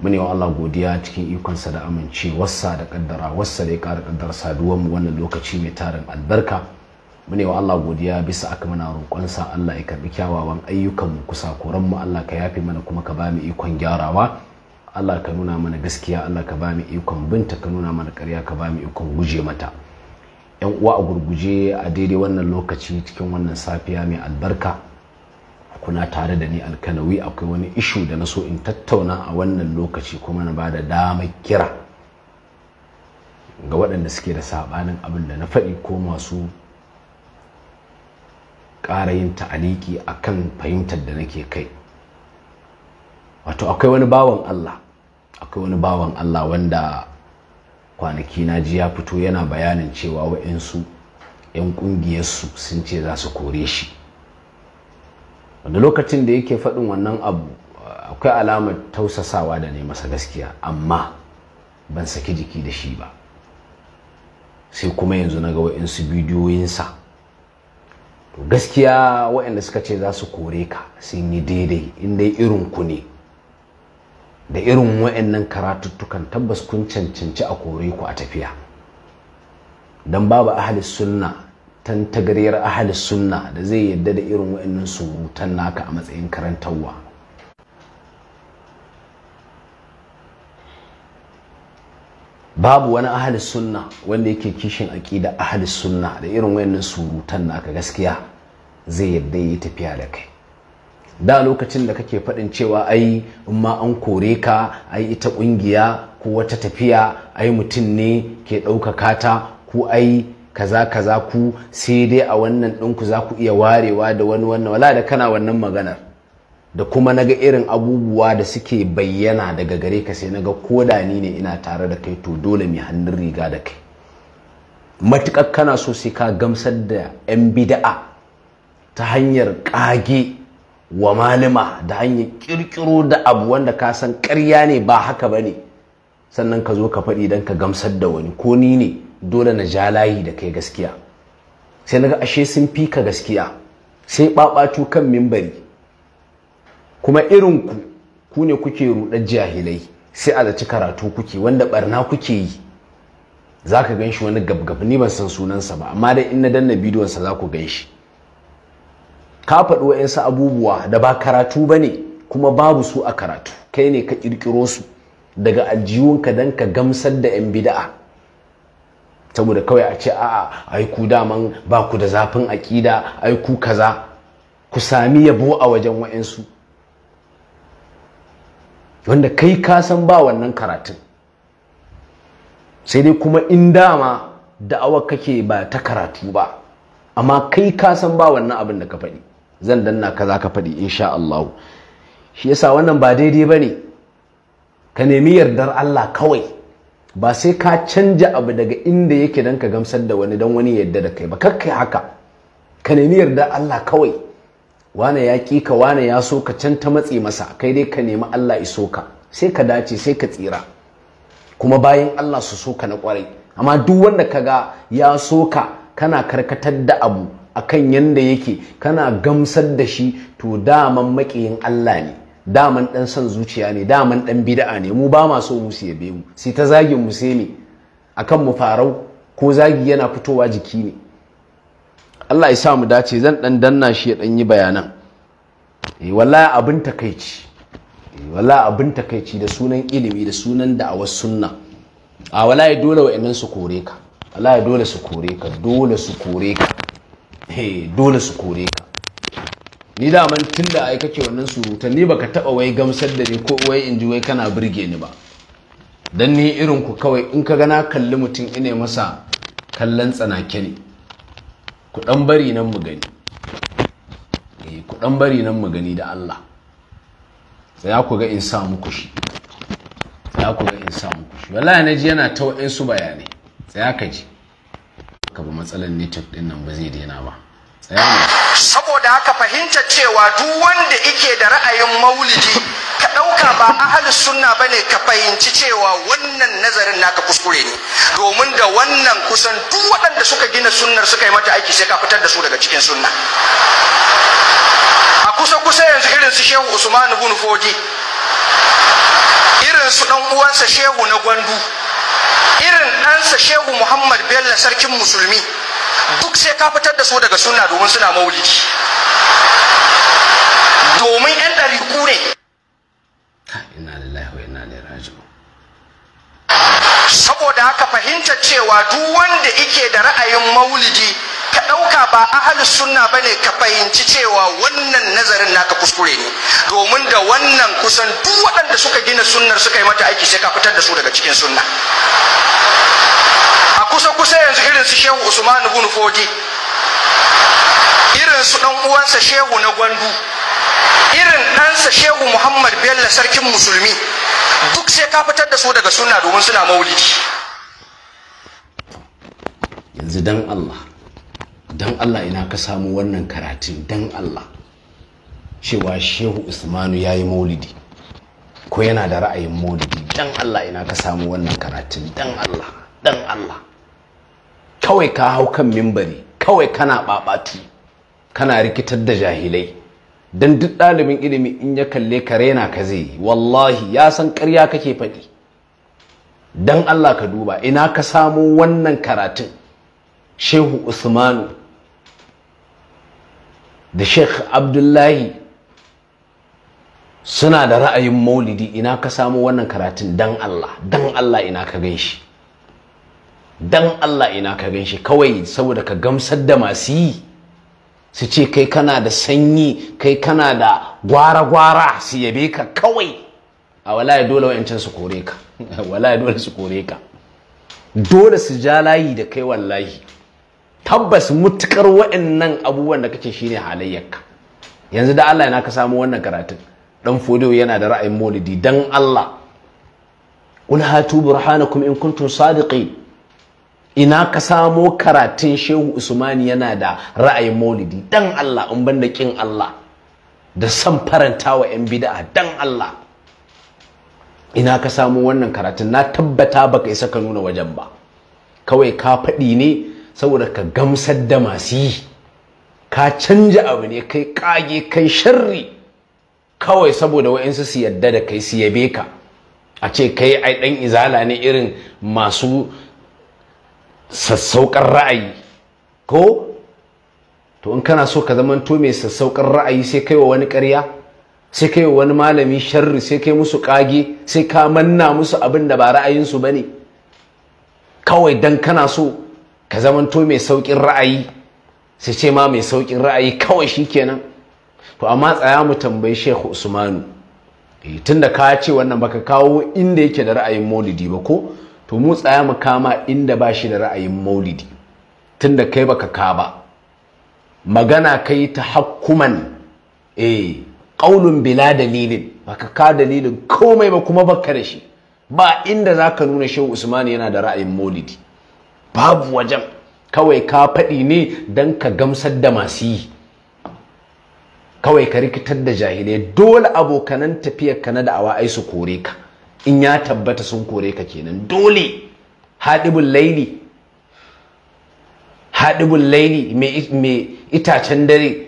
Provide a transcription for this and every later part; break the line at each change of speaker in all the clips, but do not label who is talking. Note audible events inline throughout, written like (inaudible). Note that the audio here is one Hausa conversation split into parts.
mune wa Allah godiya cikin ikonsa da amincewarsa da kaddara wassa da ya ƙara kaddar saduwar mu wannan lokaci mai tarin albarka mune wa Allah godiya bisa aka muna roƙonsa Allah ya karbi kyawawan ayyukan mu kusa koran mu Allah ka yafe mana kuma ka ba ikon gyarawa Allah ka nuna mana gaskiya Allah ka ba ikon binta ka nuna mana ƙarya ka ba ikon guje mata yan uwa a gurguje a daidai wannan lokaci cikin wannan safiya mai albarka kuna tare da ni alkanawi akwai wani ishu da na so in tattauna a wannan lokaci kuma na bada damar kira ga waɗanda suke da saɓanin abin da na faɗi ko masu ƙara yin ta'aliki a kan fahimtar da nake kai wato akwai wani bawan Allah akwai wani bawan Allah wanda kwanaki na ji ya fito yana bayanin cewa wa'insu 'yan ƙungiyarsu sun ce za su kore shi wanda lokacin da yake faɗin wannan abu akwai alamar tausasawa da ne masa gaskiya amma ban saki jiki da shi ba sai kuma yanzu na ga wa'insu bidiyoyinsa to gaskiya waɗanda suka ce za su kore ka sun yi daidai inda irin ku ne da irin waɗannan karatuttukan tabbas kun cancanci a kore ku a tafiya don babu ahli sunna Tan tagariyar ahalis sunna da zai yadda da irin wa'annan surutan naka a matsayin karantarwa babu wani ahalis sunna wanda yake kishin aƙida ahalis sunna da irin wa'annan surutan naka gaskiya zai yadda yi tafiya da kai da lokacin da kake faɗin cewa ai in ma an kore ka ai ita ƙungiya ko wata tafiya ai mutum ne ke ɗaukaka ta ko ai kaza kaza ku sai dai a wannan ɗinku za ku iya warewa da wani wannan wala da kana wannan maganar da kuma naga irin abubuwa da suke bayyana daga gare ka sai naga ko da ni ne ina tare da kai to dole mai hannun riga da kai matukar kana so sai ka gamsar da 'yan bida'a ta hanyar ƙage wa malama da hanyar ƙirƙiro da abu wanda ka san ƙarya ne ba haka ba ne sannan ka zo ka faɗi don ka gamsar da wani ko ni ne dole na ja layi da kai gaskiya sai naga ashe sun fi ka gaskiya sai ɓaɓatu kan mimbari kuma irin ku ne kuke rudar jahilai sai a zaci karatu kuke wanda barna kuke yi za ka gan shi wani gabgab ni ban san sunansa ba amma dai in na danna bidiyonsa za ku gan shi ka faɗi wa'insu abubuwa da ba karatu bane kuma babu su a karatu kai ne ka ƙirƙiro su daga aljiyunka dan ka gamsar da 'yan bida'a saboda kawai a ce a'a ai ku daman ba ku da zafin aƙida ai ku kaza ku sami yabo a wajen wa'insu wanda kai ka san ba wannan karatun sai dai kuma in dama da'awar kake ba ta karatu ba amma kai ka san ba wannan abin da ka faɗi zan danna kaza ka faɗi insha Allah shi yasa wannan ba daidai ba ne ka nemi yardar Allah kawai ba sai ka canja abu daga inda yake don ka gamsar da wani don wani yadda da kai ba kakkai haka ka nemi yarda Allah kawai wane ya ki ka wane ya so ka can ta matse masa kai dai ka nemi Allah iso ka sai ka dace sai ka tsira kuma bayan Allah su so ka na kwarai amma duk wanda ka ga ya so ka kana karkatar da abu akan yanda yake kana gamsar da shi to daman maƙiyin Allah ne daman dan son zuciya ne daman dan bid'a ne mu ba ma so mu su yabe mu sai ta zagin mu sai ne akan mu farau ko zagi yana fitowa jiki ne Allah ya sa mu dace zan dan danna shi ya dan yi bayanan eh wallahi abin takeici eh wallahi abin takeici da sunan ilimi da sunan da'awar sunna a wallahi dole wa'annan su kore ka wallahi dole su kore ka dole su kore ka eh dole su kore ka ni daman tun da ai kake wannan surutan ni baka taba wai gamsar da ni ko wai in ji wai kana burge ni ba dan ni irin ku kawai in ka gana kalli mutum ine masa kallon tsanake ne ku dan bari nan mu gani eh ku dan bari nan mu gani da Allah tsaya ku ga in sa muku shi tsaya ku ga in sa muku shi wallahi ji yana ta wa'in su bayanai tsaya ka ji ka ba matsalan network din nan ba zai daina ba
saboda haka fahimta cewa duk wanda ike da ra'ayin maulidi ka ɗauka ba ahli sunna ba ne ka fahimci cewa wannan nazarin naka kuskure ne domin da wannan kusan duk waɗanda suka gina sunnar suka yi mata aiki sai ka fitar da su daga cikin sunna a kusa kusa yanzu irin su shehu usman ibn fodi irin su dan uwansa shehu na gwandu irin ɗansa shehu muhammad bello sarkin musulmi duk sai ka fitar da su daga suna domin suna maulidi domin yan ku ne saboda haka fahimta cewa duk wanda ike da ra'ayin maulidi ka ɗauka ba ahal sunna ba ne ka fahimci cewa wannan nazarin naka kuskure ne domin da wannan kusan duk waɗanda suka gina sunnar suka yi mata aiki sai ka fitar da su daga cikin sunna a kusa kusa yanzu irin su shehu usman ibn fodi irin su dan uwansa shehu na gwandu irin ɗansa shehu muhammad bello sarkin musulmi duk sai ka fitar da su daga suna domin suna maulidi
yanzu dan allah dan allah ina ka samu wannan karatun dan allah cewa shehu usmanu ya yi maulidi ko yana da ra'ayin maulidi dan allah ina ka samu wannan karatun dan allah
dan allah
kawai ka hau kan mimbari kawai kana babati kana rikitar da jahilai don duk ɗalibin ilimi in ya kalle ka rena ka zai wallahi ya san karya kake faɗi Don Allah ka duba ina ka samo wannan karatun shehu usmanu da sheikh abdullahi suna da ra'ayin maulidi ina ka samo wannan karatun don Allah don Allah ina ka gan shi dan Allah ina ka gan shi kawai saboda ka gamsar da masu yi su ce kai kana da sanyi kai kana da gwara-gwara su yabe ka kawai a walaye dole wa'ancan su kore ka (laughs) walaye dole su kore ka dole su ja layi da kai wallahi tabbas mutukar wa'annan abubuwan da kake shine halayyarka yanzu da Allah ina ka samu wannan karatun dan fodo yana da ra'ayin maulidi dan Allah qul hatu burhanakum in kuntum sadiqin ina ka samo karatun shehu usmani yana da ra'ayin maulidi dan Allah in ban da kin Allah da san faranta wa 'yan bidaa? dan Allah ina ka samo wannan karatun na tabbata baka isa ka nuna wajen ba kawai ka faɗi ne saboda ka gamsar da masu yi ka canja abu ne kai kage kai sharri kawai saboda wa'insu su yadda da kai su yabe ka a ce kai ai dan izala ne irin masu Sassauƙar ra'ayi ko to in kana so ka zamanto mai sassaukar ra'ayi sai kai wa wani ƙarya sai kai wa wani malami sharri sai kai musu ƙage sai ka manna musu abin da ba ra'ayinsu ba ne kawai dan kana so ka zamanto mai sauƙin ra'ayi sai ce ma mai sauƙin ra'ayi kawai shi kenan to amma tsaya mu tambayi shehu usmanu eh, tunda ka ce wannan baka kawo inda yake da ra'ayin maulidi ba ko to mu tsaya mu kama inda ba shi da ra'ayin maulidi tunda kai baka ka ba magana kai ta hakkuman eh ƙaunin bila dalilin baka ka dalilin komai ba kuma baka da shi ba inda za ka nuna shehu Usman yana da ra'ayin maulidi babu wajen kawai ka faɗi ne don ka gamsar da masu yi kawai ka rikitar da jahilai dole abokanan tafiyar ka na da'awa ai su kore ka in ya tabbata sun kore ka kenan dole haɗibin laili haɗibin laili mai itacen dare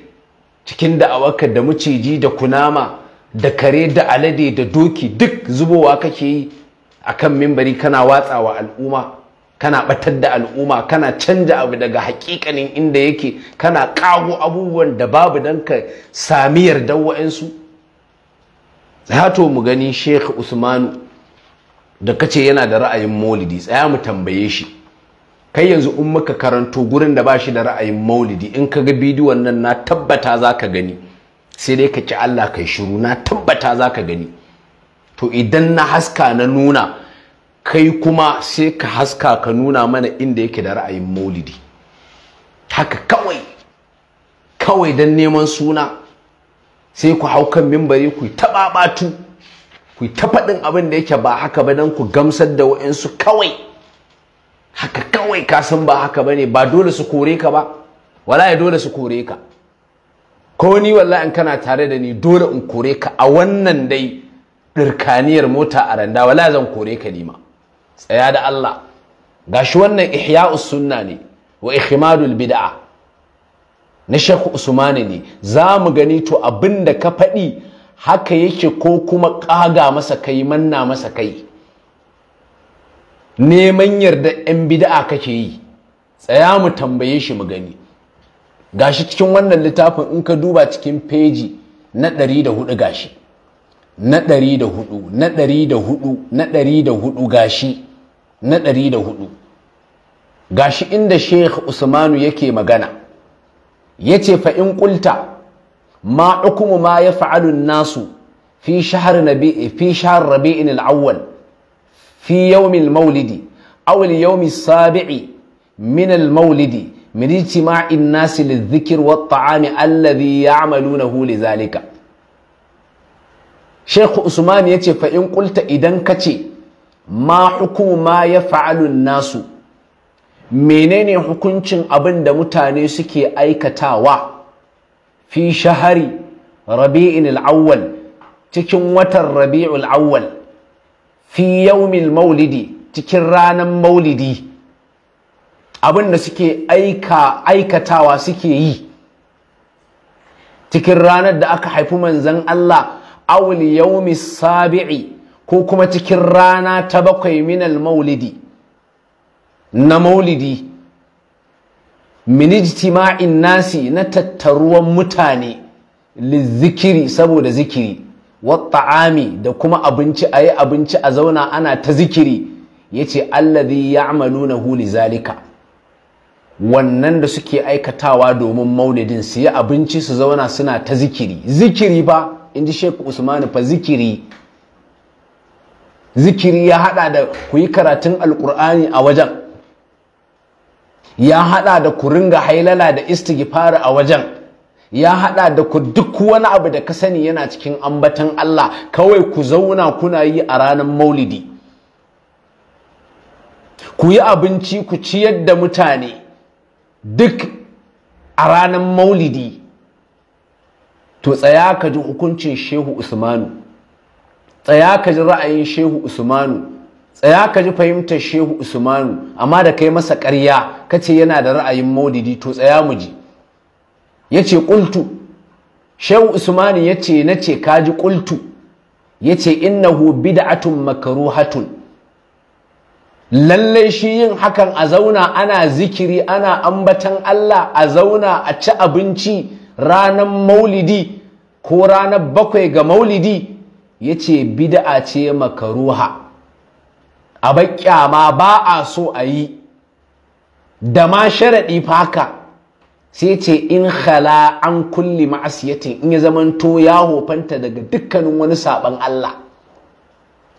cikin da'awarka da maciji da kunama da kare da alade da doki duk zubowa kake yi a kan mimbari kana watsawa al'umma kana batar da al'umma kana canja abu daga hakikanin inda yake kana kago abubuwan da babu don ka sami yardar wa'insu zato mu gani sheikh usmanu da kace yana da ra'ayin maulidi tsaya mu tambaye shi kai yanzu in muka karanto gurin da bashi da ra'ayin maulidi in ka ga bidiyon nan na tabbata za ka gani sai dai ka ki Allah kai shiru na tabbata za ka gani to idan na haska na nuna kai kuma sai ka haska ka nuna mana inda yake da ra'ayin maulidi haka kawai kawai don neman suna sai ku hau kan mimbari ku yi taɓaɓatu ku ta faɗin abin da yake ba haka ba don ku gamsar da wa'insu kawai haka kawai ka san ba haka ba ne ba dole su kore ka ba wala ya dole su kore ka ko ni walla in kana tare da ni dole in kore ka a wannan dai ɗirkaniyar mota a randa wala zan kore ka nima tsaya da Allah Ga shi wannan ihya'u sunna ne wa ihmadul bid'a na Sheikh Usmani ne za mu gani to abinda ka faɗi haka yake ko kuma ƙaga masa kai manna masa kai neman yarda 'yan bida'a kake yi tsaya mu tambaye shi mu gani gashi cikin wannan littafin in ka duba cikin feji na 104 gashi na 104 na 104 na 104 gashi na 104 gashi inda Sheikh Usmanu yake magana yace fa in qulta ma hukumu ma ya fa'alun nasu fi shahar nabi fi shahar rabi'in al-awwal fi yawmil maulidi aw al-yawmi sabii min maulidi min ijtima'in nasi lidh-dhikr wat-ta'ami alladhi ya'malunahu lidhalika Sheikh Usman yace fa in qulta idan kace ma hukumu ma ya fa'alun nasu menene hukuncin abin da mutane suke aikatawa fi shahari rabi'in al'awwal cikin watan rabi'ul awwal fi yaumil maulidi cikin ranar maulidi abin da suke aikatawa suke yi cikin ranar da aka haifi manzan Allah awul yaumi sabi'i ko kuma cikin rana ta bakwai minal maulidi na maulidi min ijtima'in nasi na tattaruwan mutane lizikiri saboda zikiri wat'ami da kuma abinci ayi abinci a zauna ana ta zikiri yace allazi huli zalika" wannan da suke aikatawa domin maulidin su yi abinci su zauna suna ta zikiri zikiri ba inji Sheikh Usman fa zikiri zikiri ya hada da ku yi karatun alkur'ani a wajen ya hada da ku ringa hailala da istighfar a wajen ya hada da ku duk wani abu da ka sani yana cikin ambatan Allah kawai ku zauna kuna yi a ranar maulidi ku yi abinci ku ciyar da mutane duk a ranar maulidi to tsaya ka ji hukuncin shehu usmanu tsaya ka ji ra'ayin shehu usmanu tsaya ka ji fahimtar shehu usmanu amma da kai masa ƙarya kace yana da ra'ayin maulidi to tsaya mu ji yace qultu shehu usmanu yace nace ka ji qultu yace innahu bid'atun makruhatun Lallai shi yin hakan a zauna ana zikiri ana ambatan Allah a zauna a ci abinci ranan maulidi ko ranar bakwai ga maulidi yace bid'a ce makaruha a ma ba a so a yi da ma sharaɗi faka sai ce in khala an kulle ma'asiyatin in ya to ya hofanta daga dukkanin wani saɓan Allah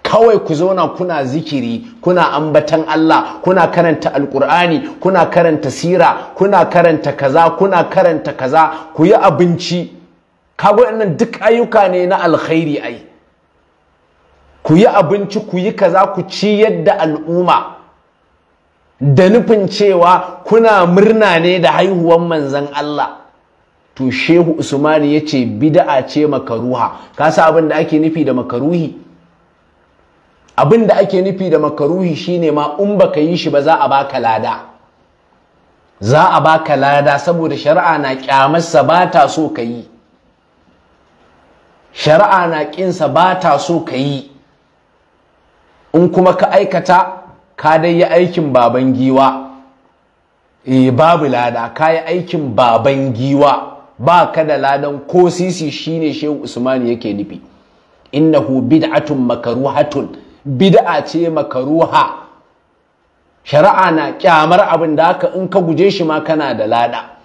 kawai ku zauna kuna zikiri kuna ambatan Allah kuna karanta alkur'ani kuna karanta sira kuna karanta kaza kuna karanta kaza ku yi abinci kaga wannan duk ayyuka ne na alkhairi ai ku yi abinci ku yi kaza ku ci yadda al'umma da nufin cewa kuna murna ne da haihuwan manzan Allah to shehu usmani ya ce bida'a ce makaruha ka sa abin da ake nufi da makaruhi abin da ake nufi da makaruhi shine ma in baka yi shi ba za a baka lada za a baka lada saboda shari'a na kyamarsa ba ta so ka yi shari'a na kinsa ba ta so ka yi in kuma ka aikata ka dai yi aikin baban giwa eh, babu lada ka yi aikin baban giwa ba ka da ladan ko sisi ne shehu usman yake nufi innahu bid'atun makaruhatun bid'a ce makaruha shari'a na kyamar abin da haka in ka guje shi ma kana da lada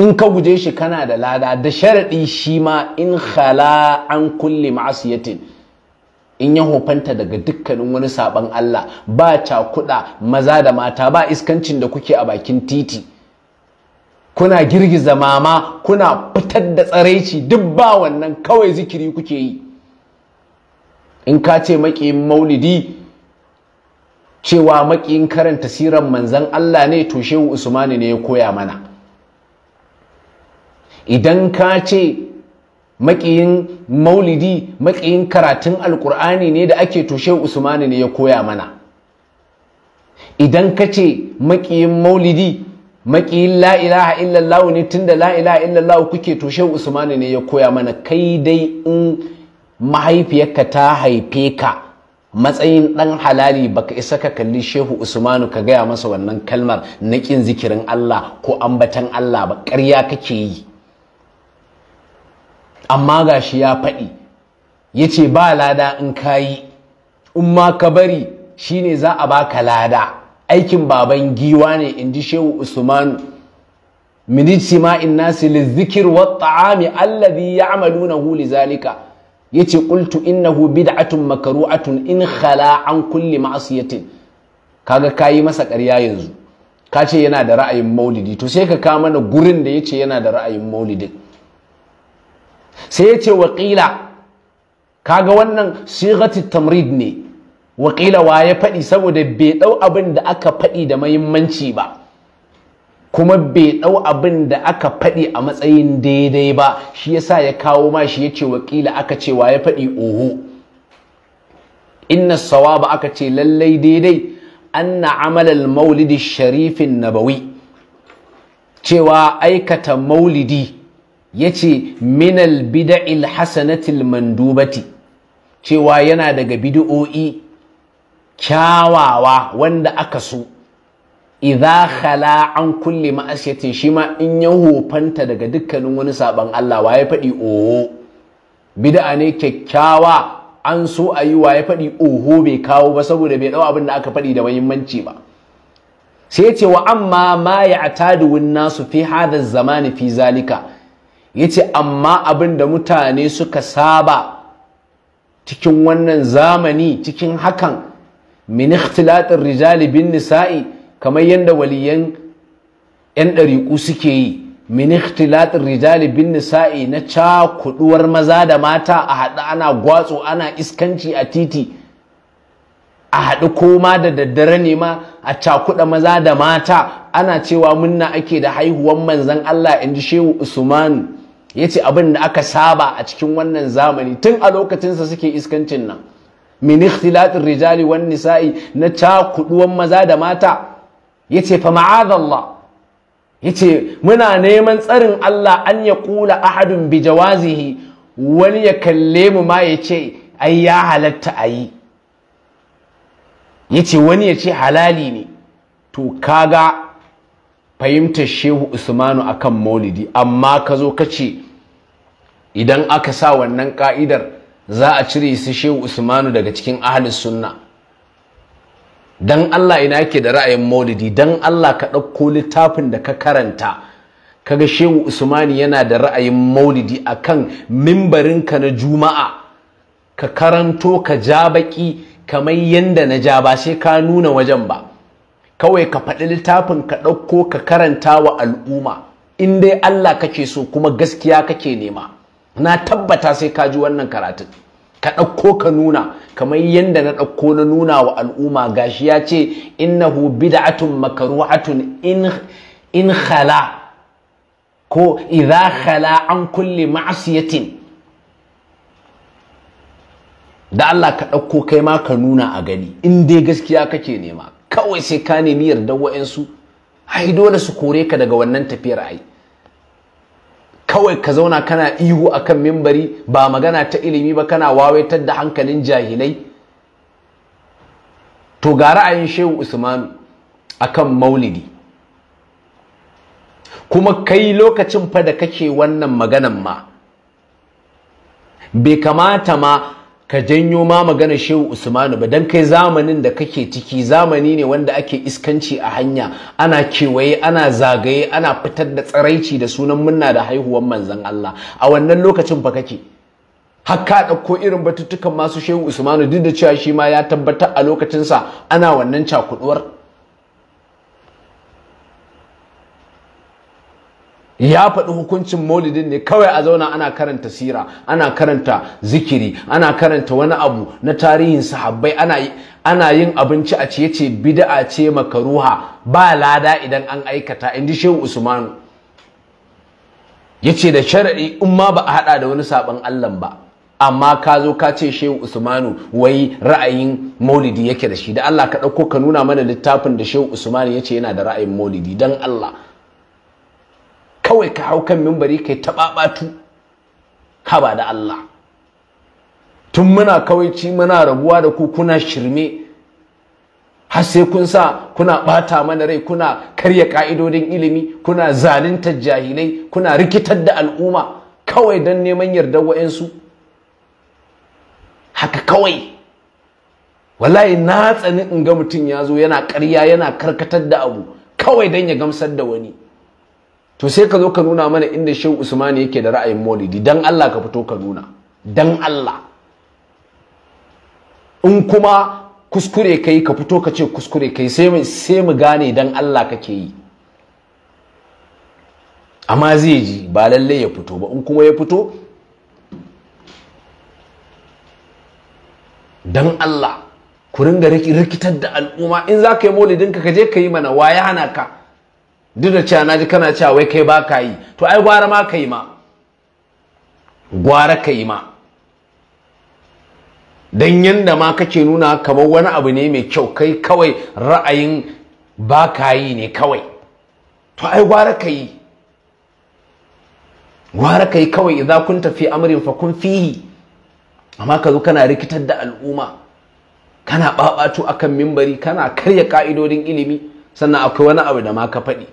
in ka guje shi kana da lada da sharaɗi shi ma in khala an kulli ma'asiyatin in ya hofanta daga dukkanin wani sabon Allah ba kuɗa, maza da mata ba iskancin da kuke a bakin titi kuna girgiza mama kuna fitar da tsaraici duk ba wannan kawai zikiri kuke yi in ka ce maƙiyin maulidi cewa maƙiyin karanta siran manzan Allah ne to shehu usmani ne ya koya mana idan ka ce maƙiyin maulidi maƙiyin karatun alƙur'ani ne da ake tushe usmani ne ya koya mana idan ka ce maƙiyin maulidi maƙiyin la'ilaha illallah ne tunda la'ilaha illallah kuke tushe usmani ne ya koya mana kai dai in mahaifiyarka ta haife ka matsayin ɗan halali baka isa ka kalli shehu usmanu ka gaya masa wannan kalmar na ƙin zikirin allah ko ambatan allah ba ƙarya kake yi amma ga shi ya faɗi ya ce ba lada in ka yi in ma ka bari Shi ne za a baka lada aikin baban giwa ne in ji shehu usmanu min ijtima'in nasi lizikir wa ta'ami ya ya'malunahu lizalika huli zalika? innahu bid'atun kultu in khala an kulli ma'siyatin kaga kayi masa ƙarya yanzu ka ce yana da ra'ayin maulidi to sai ka kama mana gurin da ya ce yana da ra'ayin maulidin sai ya ce waƙila kaga wannan sighatit tamrid ne waƙila wa ya faɗi saboda bai ɗau abin da aka faɗi da mahimmanci ba kuma bai ɗau abin da aka faɗi a matsayin daidai ba shi yasa ya kawo ma shi ya ce waƙila aka ce wa ya faɗi oho inna sawaba aka ce lallai daidai anna amalal maulidi sharifin nabawi cewa aikata maulidi yace minal Bida'il hasanatil mandubati cewa yana daga bid'o'i kyawawa wanda aka so idza khala an kulli ma'asiyatin shi ma in ya hofanta daga dukkanin wani saban Allah waye faɗi oho bid'a ne kyakkyawa an so a yi waye faɗi oho bai kawo ba saboda bai ɗau abin da aka faɗi da muhimmanci ba sai ya wa amma ma ya'tadu atadu nasu fi hadha zamani fi zalika yace amma abin da mutane suka saba cikin wannan zamani cikin hakan min ikhtilatir rijali bin nisa'i kamar yadda waliyan yan ɗariƙu suke yi min ikhtilatir rijali bin nisa'i na cakuduwar maza da mata a haɗu ana gwatsu ana iskanci a titi a haɗu koma da daddare ne ma a cakuɗa maza da mata ana cewa munna ake da haihuwan manzan Allah in ji Shehu Usman ya ce abin da aka saba a cikin wannan zamani tun a lokacinsa suke iskancin nan min ikhtilatin rijali wan nisa'i na cakuduwan maza da mata ya ce fa ma'azallah ya ce muna neman tsarin Allah an ya kula ahadun bi wani ya kalle mu ma ya ce ai ya halatta a yi ya ce wani ya ce halali ne to kaga fahimtar shehu usmanu akan maulidi amma ka zo ka ce idan aka sa wannan ka'idar za a cire su shehu usmanu daga cikin ahalin sunna dan Allah ina ke da ra'ayin maulidi dan Allah ka ɗauko littafin da ka karanta kaga shehu Usmanu yana da ra'ayin maulidi akan mimbarinka na juma'a ka karanto ka ja baki kamar yanda na ja ba sai ka nuna wajen ba kawai ka faɗi littafin ka ɗauko ka karanta wa al'umma in dai Allah kake so kuma gaskiya kake nema na tabbata sai ka ji wannan karatun ka ɗauko ka nuna kamar yadda na ɗauko na nuna wa al'umma gashi ya ce innahu bid'atun makaruhatun in in khala ko idza khala an kulli ma'siyatin da Allah ka ɗauko kai ma ka nuna a gani in dai gaskiya kake nema kawai sai ka nemi yarda wa'ansu ai dole su kore ka daga wannan tafiyar ai kawai ka zauna kana ihu akan mimbari ba magana ta ilimi ba kana wawaitar da hankalin jahilai to ga ra'ayin shehu usmanu akan maulidi kuma kai lokacin fa da kake wannan maganan ma bai kamata ma ka janyo ma magana shehu usmanu ba don kai zamanin da kake ciki zamani ne wanda ake iskanci a hanya ana kewaye ana zagaye ana fitar da tsaraici da sunan munna da haihuwar manzan Allah a wannan lokacin fa kake har ka ɗauko irin batuttukan masu shehu usmanu duk da cewa shi ma ya tabbata a lokacinsa ana wannan cakuduwar ya faɗi hukuncin maulidin ne kawai a zauna ana karanta sira ana karanta zikiri ana karanta wani abu na tarihin sahabbai ana yin abinci a ciye ce bid'a ce makaruha ba lada idan an aikata inji shehu usmanu yace da sharadi in ma ba a hada da wani sabon Allah ba amma ka zo ka ce shehu usmanu wai ra'ayin maulidi yake da shi da Allah ka ɗauko ka nuna mana littafin da shehu usmanu yace yana da ra'ayin maulidi dan Allah kawai ka hau kan mimbari kai taɓaɓatu haba da Allah tun muna kawai ci, muna rabuwa da ku kuna shirme har sai kun sa kuna ɓata mana rai kuna karya ƙa'idodin ilimi kuna zalintar jahilai kuna rikitar da al'umma kawai don neman yardar wa'yansu haka kawai wallahi na tsani in ga mutum ya zo yana karya, yana karkatar da abu kawai don ya gamsar da wani to sai ka zo ka nuna mana inda shehu usman yake da ra'ayin maulidi dan Allah ka fito ka nuna dan Allah in kuma kuskure ka yi ka fito ka ce kuskure ka yi, sai mu gane dan Allah kake yi amma zai ji ba lallai ya fito ba in kuma ya fito dan Allah ku ringa rikitar da al'umma in za ka yi maulidinka ka je ka yi mana waya hana ka duk da cewa naji kana cewa wai kai ba ka yi to ai gwara ma ka ma gwara ka ma don yanda ma kake nuna kamar wani abu ne mai kyau kai kawai ra'ayin ba yi ne kawai to ai gwara ka gwara ka kawai idan kun tafi amrin fa kun fihi amma ka zo kana rikitar da al'umma kana babatu akan mimbari kana karya ka'idodin ilimi sannan akwai wani abu da ma ka faɗi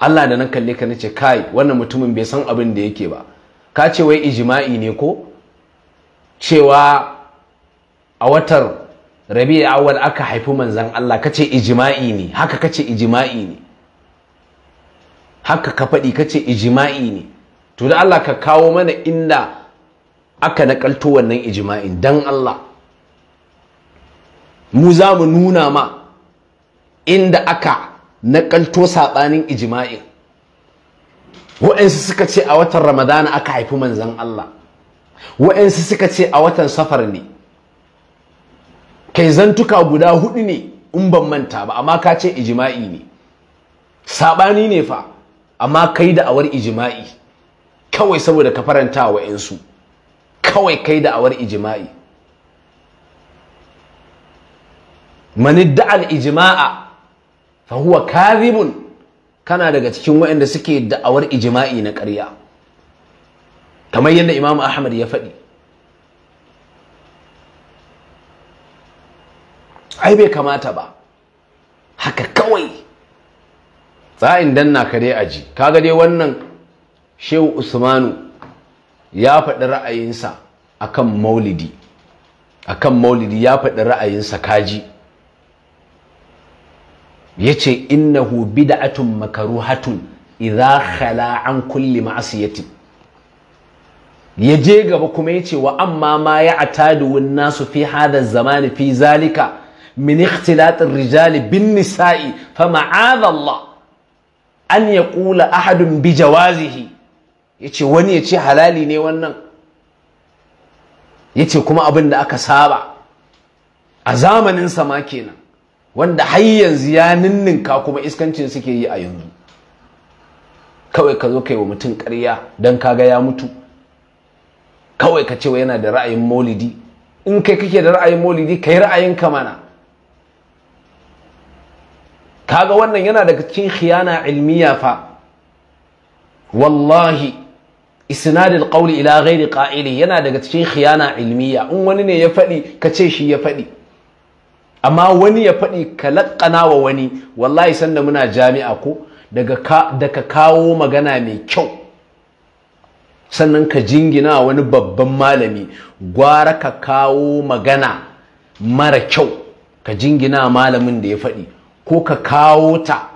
Allah da na kalle ka nace kai wannan mutumin bai san abin da yake ba ka ce wai ijma'i ne ko cewa a watar rabi'a awal aka haifi manzan Allah ka ce ijma'i ne haka ka ce ijma'i ne haka ka faɗi ka ce ijima'i ne to da Allah ka kawo mana inda aka nakalto wannan ijima'i, dan Allah mu za mu nuna ma inda aka Na naƙalto saɓanin ijima'i. wa'ansu suka ce a watan ramadana aka haifi manzan Allah wa'ansu suka ce a watan safar ne kai zantuka guda hudu ne in ban manta ba amma ka ce ijima'i ne saɓani ne fa amma kai da awar ijima'i kawai saboda ka faranta wa'ansu kawai kai da awar ijima'i man idda ijima'a Fahuwa huwa kana daga cikin waɗanda suke da'awar ijima'i na ƙarya kamar yadda Imam Ahmad ya faɗi ai bai kamata ba haka kawai tsa'in danna ka dai ji. kaga dai wannan Shehu Usmanu ya faɗi ra'ayinsa akan Maulidi akan Maulidi ya faɗi ra'ayinsa kaji yace innahu bid'atun makaruhatun idza khala an kulli ma'asiyati ya je gaba kuma yace wa amma ma ya atadu wan nasu fi hadha zamani fi zalika min ikhtilat ar-rijali bin nisa'i fa ma'adha Allah an yaqula ahadun bi jawazihi yace wani yace halali ne wannan yace kuma abin da aka saba a zamanin sama kenan wanda har yanzu ya ninninka kuma iskancin suke yi a yanzu kawai ka zo kai wa mutum karya don kaga ya mutu kawai ka cewa yana da ra'ayin maulidi in kai kake da ra'ayin maulidi yi ra'ayin ka ga kaga wannan yana daga cikin khiyana ilmiya fa wallahi isnadil qawli ila ghairi qa'ili yana daga cikin khiyana ilmiya in wani ne ya faɗi ka ce shi ya faɗi amma wani ya faɗi ka laƙana wa wani wallahi sanda muna jami'a ko daga ka kawo magana mai kyau sannan ka jingina wani babban malami gwara ka kawo magana mara kyau ka jingina malamin da ya faɗi ko ka kawo ta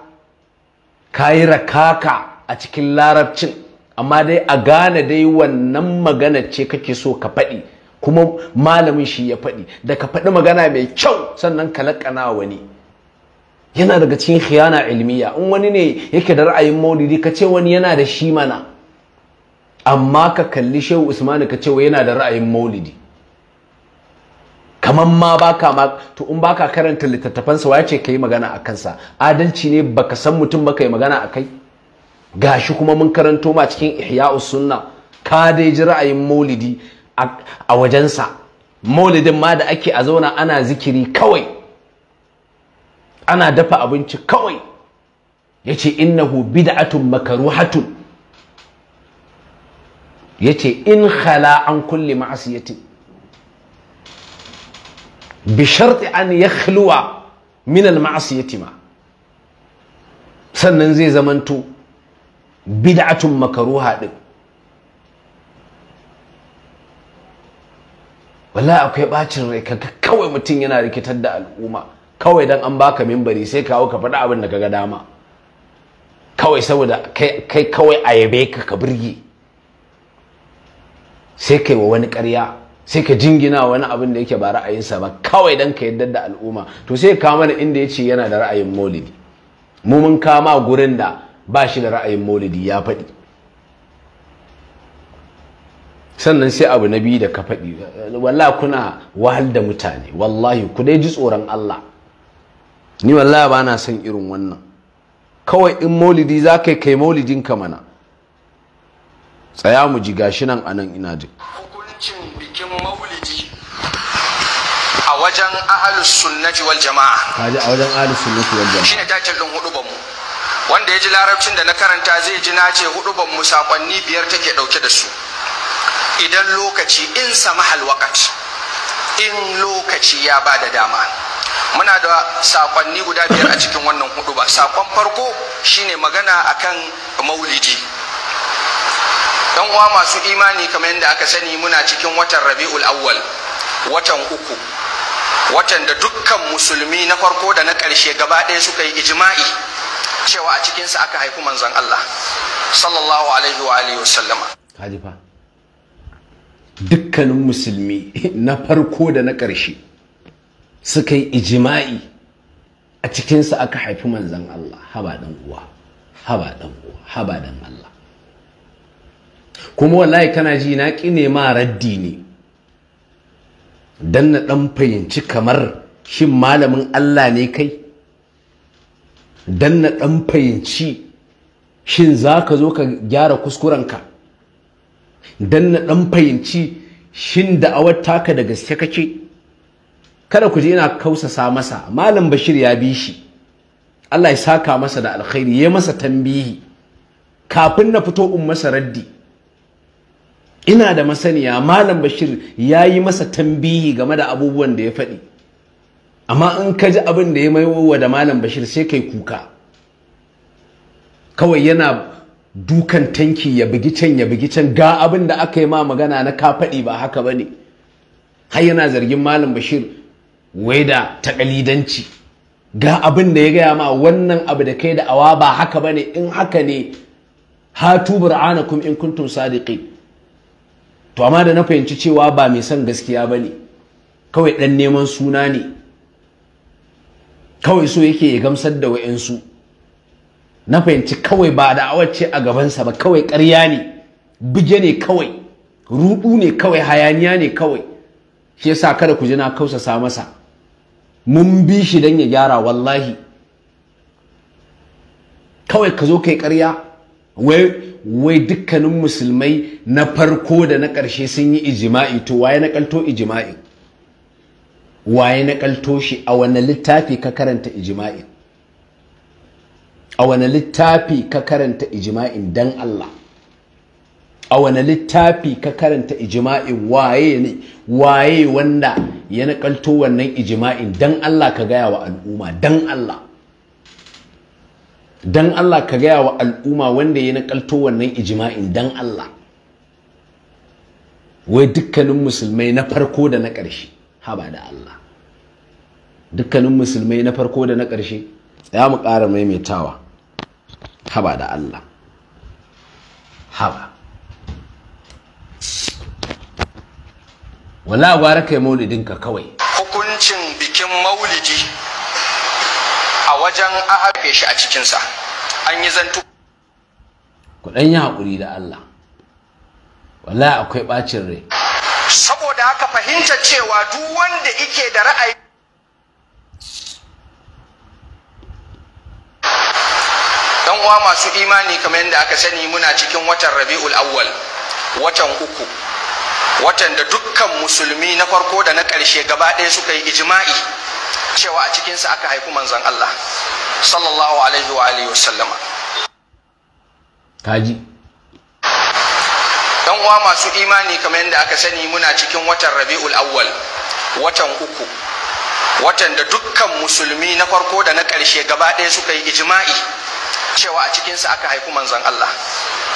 ka yi rakaka a cikin larabcin amma dai a gane dai wannan magana ce kake so ka faɗi kuma malamin shi ya faɗi daga faɗi magana mai kyau sannan ka laƙana wani yana daga cikin khiyana ilmiya in wani ne yake da ra'ayin maulidi ka ce wani yana da shi mana amma ka kalli shehu usmani ka ce yana da ra'ayin maulidi kamar ma baka ma to in baka karanta littattafansa wace ka yi magana a kansa adalci ne baka san mutum baka yi magana a kai shi kuma mun karanto ma cikin ihya'us sunna ka dai ji ra'ayin maulidi a wajensa maulidin ma da ake a zauna ana zikiri kawai ana dafa abinci kawai yace innahu bid'atun makruhatun yace in hala an kulli ma'asiyatin bi da an yakhluwa min al ma'asiyati ma sannan zai zamanto bid'atun makruha din wallahi akwai bacin rai kaga kawai mutum yana rikitar da al'umma kawai dan an baka mimbari sai kawo ka faɗi abin da kaga dama kawai saboda kai kawai ayabe ka ka birge sai kai wa wani ƙarya sai ka jingina wani abin da yake ba ra'ayinsa ba kawai dan ka yarda da al'umma to sai ka mana inda yace yana da ra'ayin maulidi mu mun kama gurin da ba shi da ra'ayin maulidi ya faɗi sannan sai abu na biyu da ka faɗi walla kuna wahal da mutane wallahi ku dai ji tsoron Allah ni wallahi ba na son irin wannan kawai in maulidi za ka kai maulidin ka mana tsaya mu ji gashi nan anan ina jin hukuncin
bikin maulidi a wajen ahalus sunnati wal jama'a
kaji a wajen ahalus
sunnati wal jama'a shine
takin din hudu bamu wanda ya ji larabcin da na karanta zai ji na ce hudu mu sakonni biyar take dauke da su idan lokaci in samahal waqt in lokaci ya ba da dama muna da sakonni guda biyar a cikin wannan hudu ba sakon farko shine magana akan maulidi Ɗan uwa masu imani kamar yadda aka sani muna cikin watan rabi'ul awwal watan uku watan da dukkan musulmi na farko da na ƙarshe gaba ɗaya suka yi ijma'i cewa a cikinsa aka haifi manzon Allah sallallahu alaihi wa alihi wasallama
dukkanin musulmi na farko da na ƙarshe suka yi ijima'i a cikinsa aka haifi manzan Allah haba dan uwa haba dan uwa haba dan Allah kuma wallahi kana ji na ƙi ne ma raddi ne dan na dan fahimci kamar shin malamin Allah ne kai dan na dan fahimci shin za ka zo ka gyara kuskurenka dan na dan fahimci shin da'awar taka da gaske kake kada ku je ina kausasa masa malam bashir ya bi shi Allah ya saka masa da alkhairi ya masa tambihi kafin na fito in masa raddi ina da masaniya malam bashir ya yi masa tambihi game da abubuwan da ya faɗi amma in ka ji abin da ya maiwa da malam bashir sai kai kuka kawai yana dukan tanki ya bugi can ya bugi can ga abin da aka yi ma magana na ka ba haka ba ne har yana zargin malam bashir wai da taƙalidanci ga abin da ya gaya ma wannan abu da kai da awa ba haka ba ne in haka ne hatu bur'anakum in kuntum sadiqin to amma da na fahimci cewa ba mai son gaskiya ba ne kawai ɗan neman suna ne kawai so yake ya gamsar da wa'yansu na fahimci kawai ba da'awar ce a gabansa ba kawai karya ne bije ne kawai ruɗu ne kawai hayaniya ne kawai shi yasa kada ku ji na kausasa masa mun bi shi don ya gyara wallahi kawai ka zo kai ƙarya wai dukkanin musulmai na farko da na ƙarshe sun yi ijima'i to waye na kalto ijima'i waye na ƙalto shi a wani littafi ka karanta ijima'in a wani littafi ka karanta ijima'in dan Allah a wani littafi ka karanta ijima'in waye ne waye wanda ya nakalto wannan ijima'in dan Allah ka gaya wa al'umma dan Allah dan Allah ka gaya wa al'umma wanda ya nakalto wannan ijima'in dan Allah wai dukkanin musulmai na farko da na ƙarshe haba da Allah dukkanin musulmai na farko da na ƙarshe ya mu ƙara maimaitawa haba da Allah haba wala gwara kai maulidinka kawai
hukuncin bikin maulidi a wajen ahabe shi a cikinsa an yi zantu
kudan yi haƙuri da Allah wala akwai ɓacin rai
saboda haka fahimta cewa duk wanda ike da ra'ayi uwa masu imani kamar yadda aka sani muna cikin watan rabi'ul awwal watan uku watan da dukkan musulmi na farko da na ƙarshe gaba ɗaya suka yi ijma'i cewa a cikinsa aka haifi manzon Allah sallallahu alaihi wa alihi wasallama kaji dan uwa masu imani kamar yadda aka sani muna cikin watan rabi'ul awwal watan uku watan da dukkan musulmi na farko da na ƙarshe gaba ɗaya suka yi ijma'i cewa a cikinsa aka haiku manzon Allah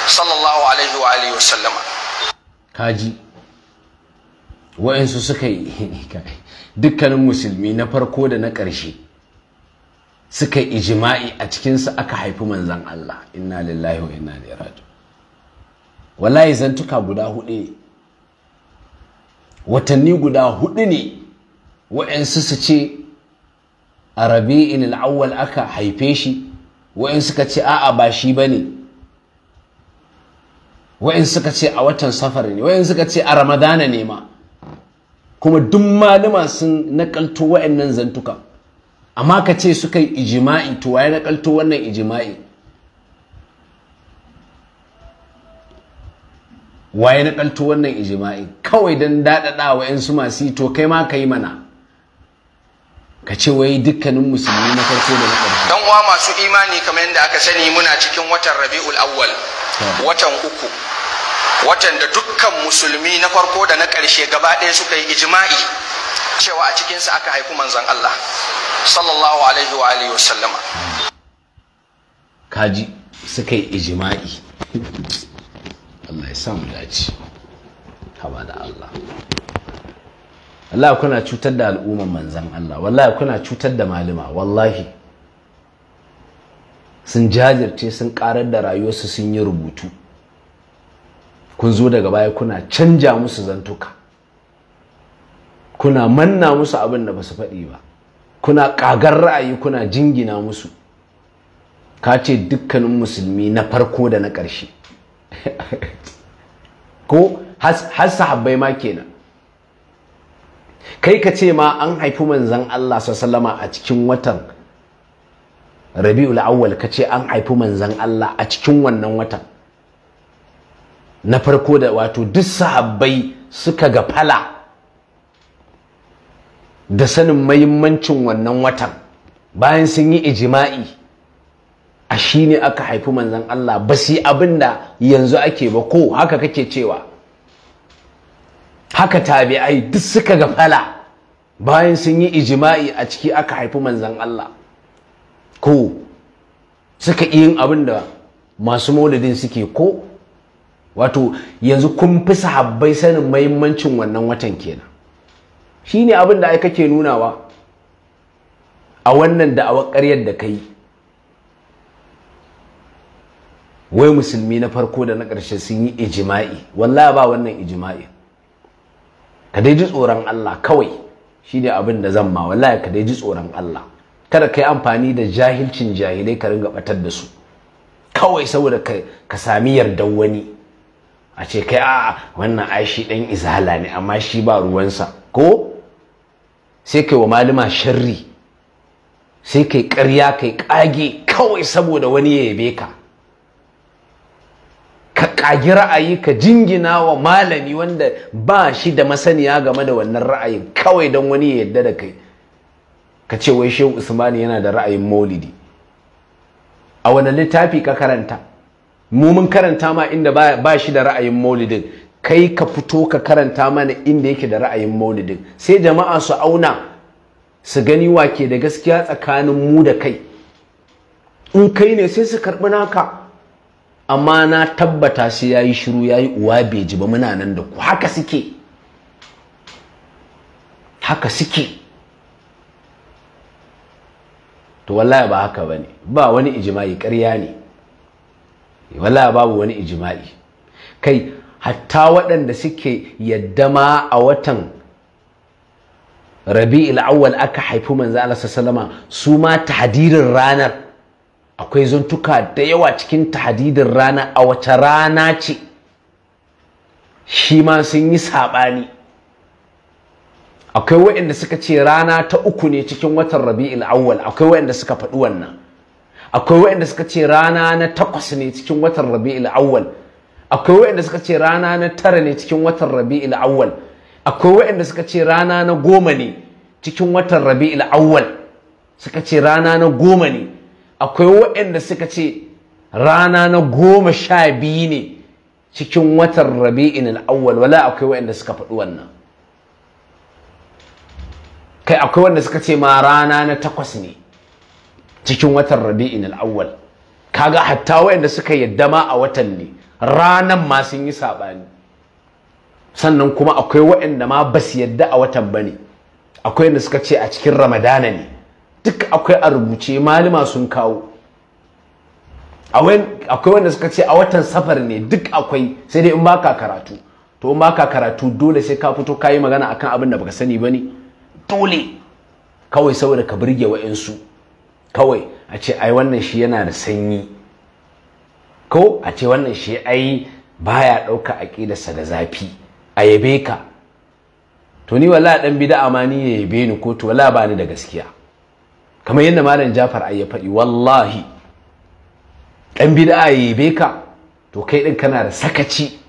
sallallahu alaihi wa alihi wasallama
kaji wa'insu suka yi (laughs) dukkanin musulmi na farko da na ƙarshe suka yi ijima'i a cikinsa aka haifi manzan Allah inna lillahi wa inna ilaihi raji'un wallahi zantuka guda hudu watanni guda hudu ne wa'insu su ce a rabi'in al'awwal aka haife shi wa'in suka ce a'a ba shi ba ne wa'in suka ce a watan safar ne wa'in suka ce a ramadana ne ma kuma duk malama sun nakalto nan zantuka amma ka ce suka yi ijima'i to waye nakalto wannan ijima'i waye nakalto wannan ijima'i kawai don daɗaɗa su masu yi to kai ma ka yi mana ka ce wai dukkanin musulmi na farko da na
yan uwa masu imani kamar yadda aka sani muna cikin watan rabi'ul awwal watan uku watan da dukkan musulmi na farko da na ƙarshe gaba ɗaya suka yi ijma'i cewa a cikinsa aka haiku manzon Allah sallallahu alaihi wa alihi wasallama
kaji suka yi ijma'i Allah ya samu dace haba da Allah Allah kuna cutar da al'umman manzan Allah wallahi kuna cutar da malama wallahi sun jajirce sun karar da rayuwarsu sun yi rubutu kun zo daga baya kuna canja musu zantuka kuna manna musu abin da ba su faɗi ba kuna ƙagar ra'ayi kuna jingina musu ka ce dukkanin musulmi na farko da na ƙarshe (laughs) ko har Habbai ma kenan kai ka ce ma an haifi manzan Allah sallama a cikin watan rabi'ul awwal kace an haifi manzon Allah a cikin wannan watan na farko da wato duk sahabbai suka ga fala da sanin mahimmancin wannan watan bayan sun yi ijima'i a shi ne aka haifi manzon Allah ba su abin da yanzu ake ba ko haka kake cewa haka tabi'ai duk suka ga fala bayan sun yi ijima'i a ciki aka haifi manzon Allah ko suka yin abin da masu maulidin suke ko wato yanzu kun fi sahabbai sanin mahimmancin wannan watan kenan shine abin da ai kake nunawa a wannan da'awar ƙaryar da kai wai musulmi na farko da na ƙarshe sun yi ijima'i wallahi ba wannan ijima'i ka dai ji tsoron Allah kawai shine abin da zan ma wallahi ka dai ji tsoron Allah kada ka yi amfani da jahilcin jahilai ka ringa batar da su kawai saboda ka sami yardar wani a ce kai a'a wannan ai ɗan dan izala ne amma shi ba ruwansa ko sai kai wa malama shirri, sai kai ƙarya kai ƙage kawai saboda wani ya yabe ka ka ƙagi ra'ayi ka jingina wa malami wanda ba shi da masaniya game da wannan ra'ayin kawai don wani ya yarda da kai ka ce wai shehu usmani yana da ra'ayin maulidi a wani littafi ka karanta mu mun karanta ma inda ba shi da ra'ayin maulidin kai ka fito ka karanta mana inda yake da ra'ayin maulidin sai jama'a su auna su gani wake da gaskiya tsakanin mu da kai in kai ne sai su karɓi naka amma na tabbata sai ya yi shiru ya yi uwa bai ji ba muna nan da ku haka suke haka suke to wallahi ba haka bane ba wani ijma'i ƙarya ne wallahi babu wani ijma'i kai hatta waɗanda suke yadda ma a watan rabi'ul awwal aka haifi manzo Allah wasallam su ma tahdirin ranar akwai zuntuka da yawa cikin tahdirin rana a wace rana ce shi ma sun yi saɓani akwai waɗanda suka ce rana ta uku ne cikin watan rabi'il awwal akwai waɗanda suka faɗi wannan akwai waɗanda suka ce rana na takwas ne cikin watan rabi'il awwal akwai waɗanda suka ce rana na tara ne cikin watan rabi'il awwal akwai waɗanda suka ce rana na goma ne cikin watan rabi'il awwal suka ce rana na goma ne akwai waɗanda suka ce rana na goma sha biyu ne cikin watan rabi'il awwal wala akwai waɗanda suka faɗi wannan kai akwai wanda suka ce ma rana na takwas ne cikin watan rabi'in al'awwal kaga hatta wayanda suka yadda ma a watan ne ranan ma sun yi saɓani sannan kuma akwai wayanda ma ba su yadda a watan ba ne akwai wanda suka ce a cikin ramadana ne duk akwai a rubuce malama sun kawo akwai wanda suka ce a watan safar ne duk akwai sai dai in baka karatu to in baka karatu dole sai ka fito kayi magana akan abin da baka sani ba ne dole kawai saboda ka burge wa'insu kawai a ce ai wannan shi yana da sanyi ko a ce wannan shi ai baya ɗauka aƙidarsa da zafi a yabe ka to ni wala ɗan bida amani ya yabe ni ko to wala bani da gaskiya kamar yadda malam jafar ai ya faɗi wallahi ɗan bida ya yabe ka to kai ɗin kana da sakaci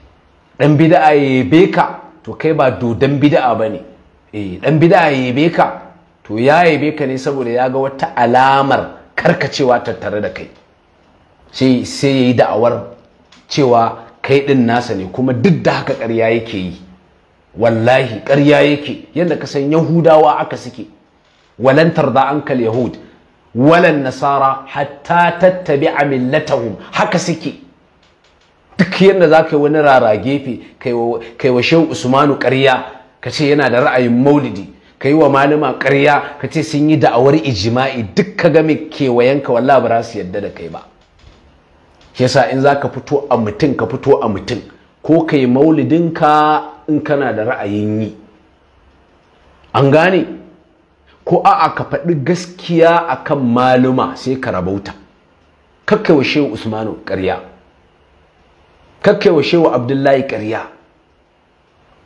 ɗan bida ya yabe ka to kai ba dodon bida'a ba ne eh dan bid'a ya yabe ka to ya yabe ka ne saboda ya ga wata alamar karkacewa tattare da kai sai sai yayi da'awar cewa kai din nasa ne kuma duk da haka ƙarya yake yi wallahi ƙarya yake yadda ka san yahudawa aka suke walan an ankal yahud walan nasara hatta tattabi'a millatahum haka suke duk yadda za ka yi wani rara gefe kai wa shehu usmanu ƙarya ka ce yana da ra'ayin maulidi ka yi wa malama karya ka ce sun yi da'awar ijima'i duk ka ga mai kewayenka wallah ba su yadda da kai ba yasa in za ka fito a mutum ka fito a mutum ko ka yi maulidinka in kana da ra'ayin yi an gane ko a'a ka faɗi gaskiya akan maluma sai ka rabauta wa shehu usmanu ƙarya wa shehu abdullahi ƙarya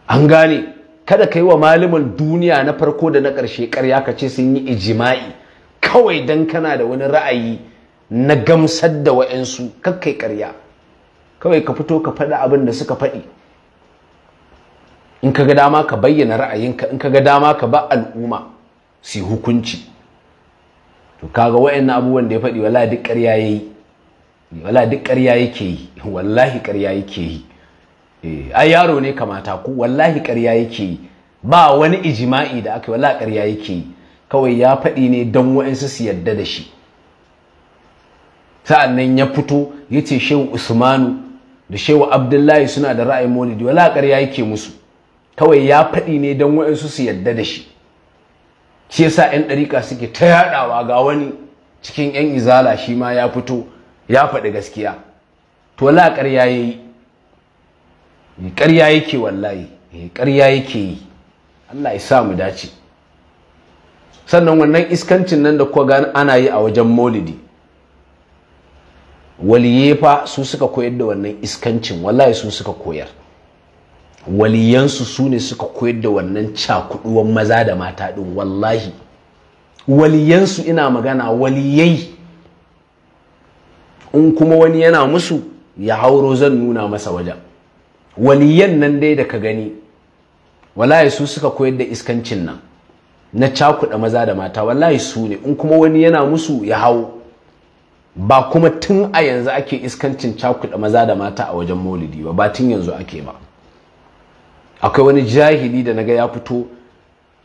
an gane kada ka yi wa malamin duniya na farko da na ƙarshe ƙarya ka ce sun yi ijima'i kawai don kana da wani ra'ayi na gamsar da wa'yansu kakkai ƙarya kawai ka fito ka faɗi abin da suka faɗi in ka ga dama ka bayyana ra'ayinka in ka ga dama ka ba al'umma su hukunci to kaga wa'annan abubuwan da ya faɗi wala duk ƙarya yayi wala duk ƙarya yake yi wallahi ƙarya yake yi eh ai yaro ne kamata ku wallahi karya yake yi ba wani ijima'i da aka yi wallahi ƙarya yake yi kawai ya faɗi ne don wa'insu su yarda da shi sa'annan ya fito ya ce shehu usmanu da shehu abdullahi suna da ra'ayin maulidi wallahi ƙarya yake musu kawai ya faɗi ne don wa'insu su yarda da shi shi yasa 'yan ɗarika suke ta yaɗawa ga wani cikin 'yan izala shi ma ya fito ya faɗi gaskiya to wallahi ƙarya ya Eh, ƙarya yake wallahi eh, ƙarya yake yi Allah ya sa mu dace sannan wannan iskancin nan da kuka ga ana yi a wajen maulidi waliye fa su suka koyar da wannan iskancin wallahi su suka koyar waliyansu su ne suka koyar da wannan cakuduwan maza da mata ɗin wallahi waliyansu ina magana waliyai in kuma wani yana musu ya hauro zan nuna masa wajen waliyan nan dai da ka gani wallahi su suka koyar da iskancin nan na cakuɗa maza da mata wallahi su ne in kuma wani yana musu ya hau ba kuma tun a yanzu ake iskancin cakuɗa maza da mata a wajen maulidi ba ba tun yanzu ake ba akwai wani jahili da naga ya fito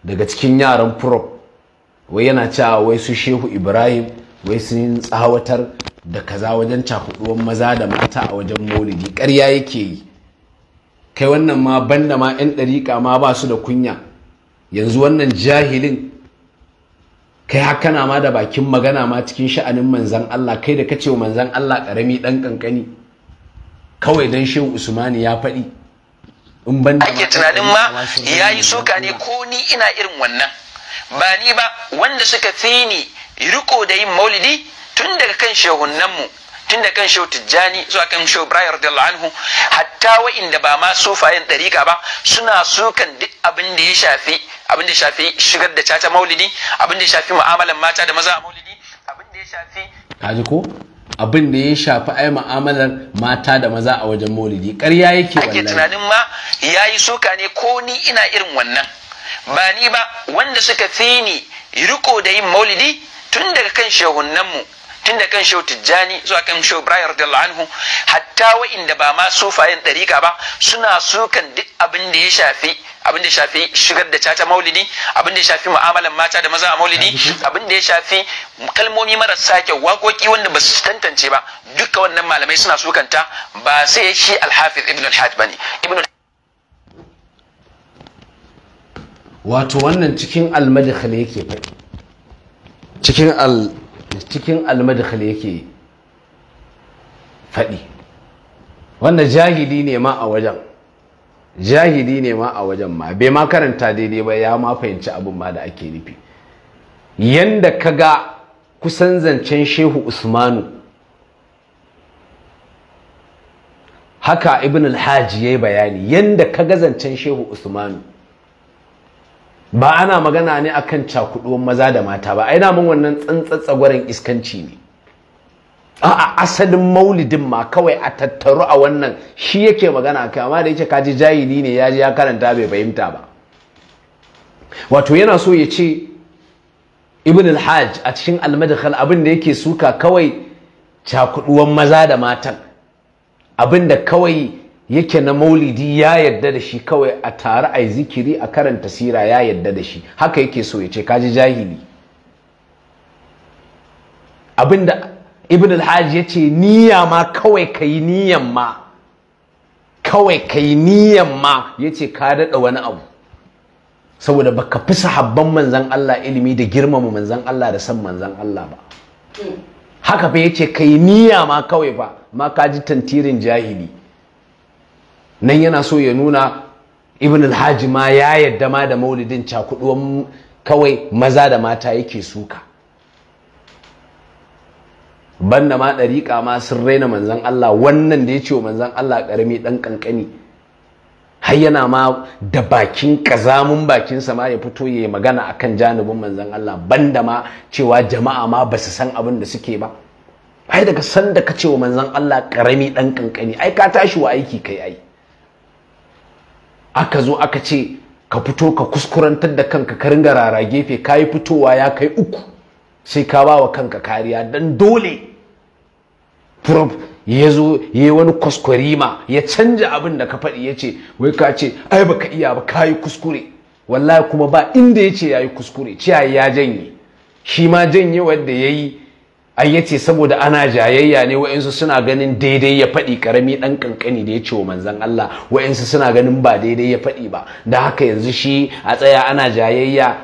daga cikin yaran prop wai yana cewa wai su shehu ibrahim wai sun tsawatar da kaza wajen cakuɗuwan maza da mata a wajen maulidi ƙarya yake yi kai wannan ma banda ma 'yan ɗariƙa ma ba su da kunya yanzu wannan jahilin kai hakana ma da bakin magana ma cikin sha'anin manzan Allah kai da kace wa manzan Allah ƙarami ɗan ƙanƙani kawai don shehu usmani ya faɗi in banda ake tunanin ma yi suka
ne ko ni ina irin wannan ba ni ba wanda suka fi ni riko da yin maulidi tun daga kan shehunnanmu mu tun da kan shau tijjani zuwa kan shau ibrahim radiyallahu anhu hatta wa'inda ba ma sufayen ɗariƙa ba suna sukan duk abin da ya shafi abin da shafi shigar da caca maulidi abin da ya shafi mu'amalan mata da maza a maulidi abin
da ya shafi kaji ko abin da ya shafi ai mu'amalar mata da maza a wajen maulidi ƙarya yake wallahi ake tunanin
ma yayi suka ne ko ni ina irin wannan ba ni ba wanda suka fi ni riko da yin maulidi tun daga kan shehunnanmu tun da kan shehu tijjani zuwa kan shehu ibrahim radiyallahu anhu hatta wa'inda ba ma sufayen ɗarika ba suna sukan duk abin da ya shafi abin da ya shafi shigar da caca maulidi abin da ya shafi mu'amalan mata da maza a maulidi abin da ya shafi kalmomi marasa kyau waƙoƙi wanda ba su tantance ba duka wannan malamai suna sukanta ba sai shi alhafiz ibn al-hajj bane ibn
wato wannan cikin al yake faɗi cikin al cikin almadkhal yake faɗi wanda jahili ne ma a wajen jahili ne ma a wajen ma bai ma karanta daidai ba ya ma fahimci abin ma da ake nufi yanda ka kusan zancen shehu usmanu haka ibn alhaji ya yi bayani yanda ka ga zancen shehu usmanu ba ana magana ne akan cakuduwan maza da mata ba ai mun wannan tsantsatsagwaren iskanci ne a'a asalin maulidin ma kawai a tattaru a wannan shi yake magana kai amma da yake kaji jahili ne ya je ya karanta bai fahimta ba wato yana so ya ce ibn al-hajj a cikin al-madkhal abin da yake suka kawai cakuduwan maza da matan abin da kawai yake na maulidi ya yadda da shi kawai a tare a zikiri a karanta sira ya yadda da shi haka yake so ya ce kaji jahili abinda ibn yace ya ce niyya ma kawai ka yi niyyan ma kawai ka yi niyyan ma ya ce ka daɗa wani abu saboda baka fi sahabban manzan Allah ilimi da girmama manzan Allah da san manzan Allah ba hmm. haka fa ya ce ka yi niyya ma kawai ba ma kaji ji tantirin jahili nan yana so ya nuna ibn alhaji ma ya yadda ma da maulidin cakuduwan kawai maza da mata yake suka banda ma ɗariƙa ma sun raina manzan Allah wannan da ya ce wa manzan Allah ƙarami ɗan ƙanƙani har yana ma da bakin ƙazamun bakinsa ma ya fito ya yi magana a kan janibin manzan Allah banda ma cewa jama'a ma ba su san abin da suke ba ai daga sanda ka ce wa manzan Allah ƙarami ɗan ƙanƙani ai ka tashi wa aiki kai ai aka zo aka ce ka fito ka kuskurantar da kanka ka ringa rara gefe ka yi fitowa ya kai uku sai ka ba wa kanka kariya don dole prof ya zo ya yi wani kuskurima ya canja abin da ka faɗi ya ce wai ka ce ai baka iya ba ka yi kuskure wallahi kuma ba inda ya ce ya yi kuskure ciyayi ya janye shi ma janye wanda ya yi ai yace saboda ana jayayya ne wa'insu suna ganin daidai ya faɗi karami ɗan kankani da ya ce wa manzon Allah wa'insu suna ganin ba daidai ya faɗi ba da haka yanzu shi a tsaya ana jayayya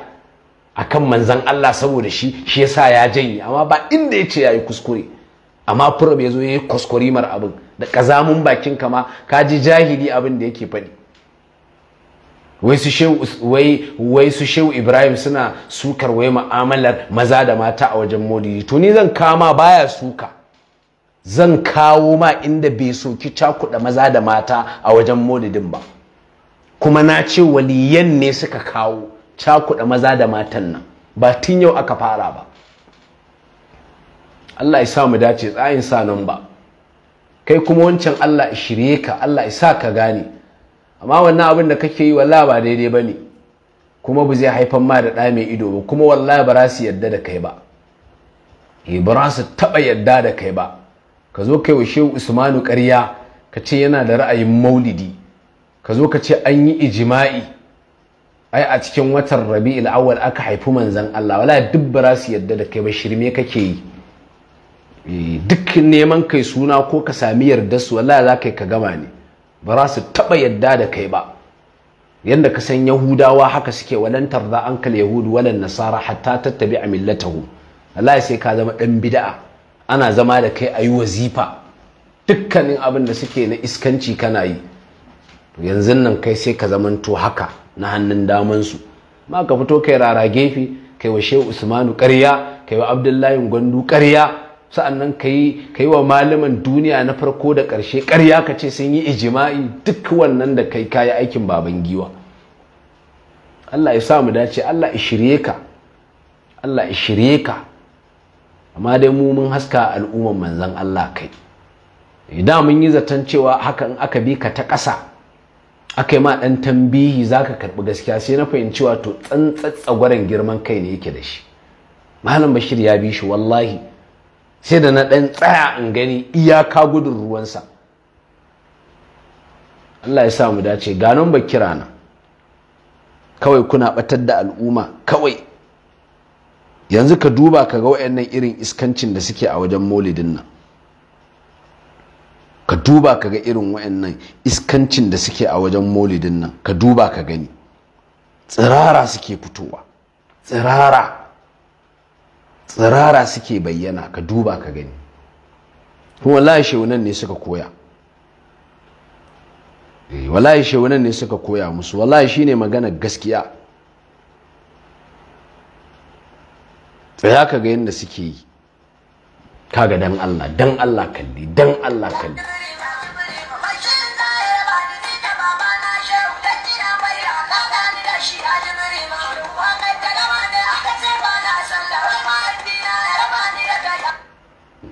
akan manzon Allah saboda shi shi yasa ya janye amma ba inda ya ce yayi kuskure amma furo bai zo yayi kuskurimar abin da kazamun bakin kama ka ji jahili abin da yake faɗi wai su shehu ibrahim suna sukar wai ma'amalar maza da mata a wajen modiji to ni zan kama baya suka zan kawo ma inda bai soki cakuɗa maza da mata a wajen modidin ba kuma na ce waliyan ne suka kawo cakuda maza da matan nan ba tun yau aka fara ba Allah ya sa mu dace tsayin sa nan ba kai kuma wancan Allah ya shirye ka Allah ya sa ka gane amma wannan abin da kake yi wallahi ba daidai ba ne kuma ba zai haifan ma da ɗa mai ido ba kuma wallahi ba za su yarda da kai ba eh, ba za su taɓa yarda da kai ba ka zo kai wa shehu usmanu ƙarya ka ce yana da ra'ayin maulidi ka zo ka ce an yi ijima'i ai a cikin watan rabi'il awwal aka haifi manzan Allah wala duk ba za su yarda da kai ba shirme kake yi eh, duk neman kai suna ko ka sami yarda su wala za ka yi ka gama ne ba za su taɓa yadda da kai ba yadda ka san yahudawa haka suke walantar da kal yahudu walan nasara hatta tattabi a millatahu Allah sai ka zama ɗan bida'a ana zama da kai a yi wazifa dukkanin abin da suke na iskanci kana yi yanzu nan kai sai ka zamanto haka na hannun damansu ma ka fito kai rara gefe kai wa shehu usmanu karya, kai wa abdullahi gwandu karya. sa'annan kai kai wa malaman duniya na farko da ƙarshe ƙarya ka ce sun yi ijima'i duk wannan da kai kayi aikin baban giwa Allah ya sa mu dace Allah ya shirye ka Allah ya shirye ka amma dai mu mun haska al'umman manzon Allah kai idan mun yi zaton cewa hakan aka bi ka ta ƙasa aka yi ma ɗan tambihi za ka karɓi gaskiya sai na fahimci wato tsantsatsa gwaran girman kai ne yake da shi malam bashir ya bi shi wallahi sai da na ɗan tsaya in gani iyaka gudun ruwansa Allah ya samu dace ganon ba kira na kawai kuna batar da al'umma kawai yanzu ka duba ka ga nan irin iskancin da suke a wajen maulidin nan ka duba ka ga irin nan iskancin da suke a wajen maulidin nan ka duba ka gani
tsirara suke
fitowa tsirara tsirara suke bayyana ka duba ka gani kuma wallahi shewunan ne suka koya eh, wallahi shewunan ne suka koya musu wallahi shine maganar gaskiya tsaya ka ga yadda suke yi kaga dan Allah dan Allah kalli dan Allah kalli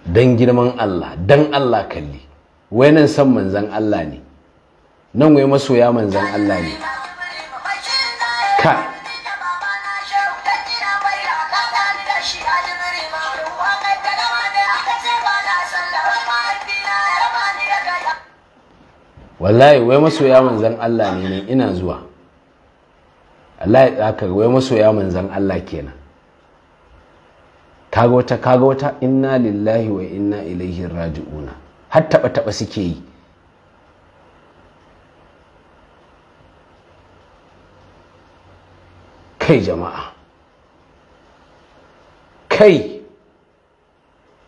don girman Allah don Allah kalli wai nan san manzan Allah ne nan wai masoya manzan Allah ne ka wallahi wai masoya manzan Allah ne ne ina zuwa Allah ya tsaka wai masoya manzan Allah kenan kaga wata kaga wata inna lillahi wa inna ilaihi raji'una har taba taba suke yi kai jama'a kai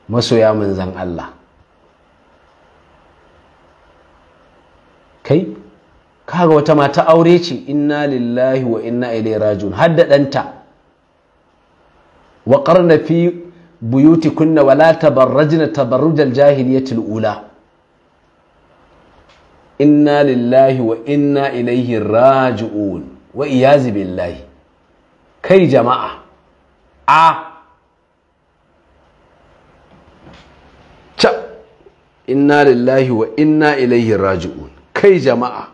masoya manzan Allah kai kaga wata mata aure ce inna lillahi wa inna ilaihi raji'un har da danta Waƙar qarna fi kunna wala tabarrajna tabarrujal jahiliyatil ula inna lillahi wa inna ilaihi raji'un wa iyazi billahi kai jama'a a inna lillahi wa inna kai jama'a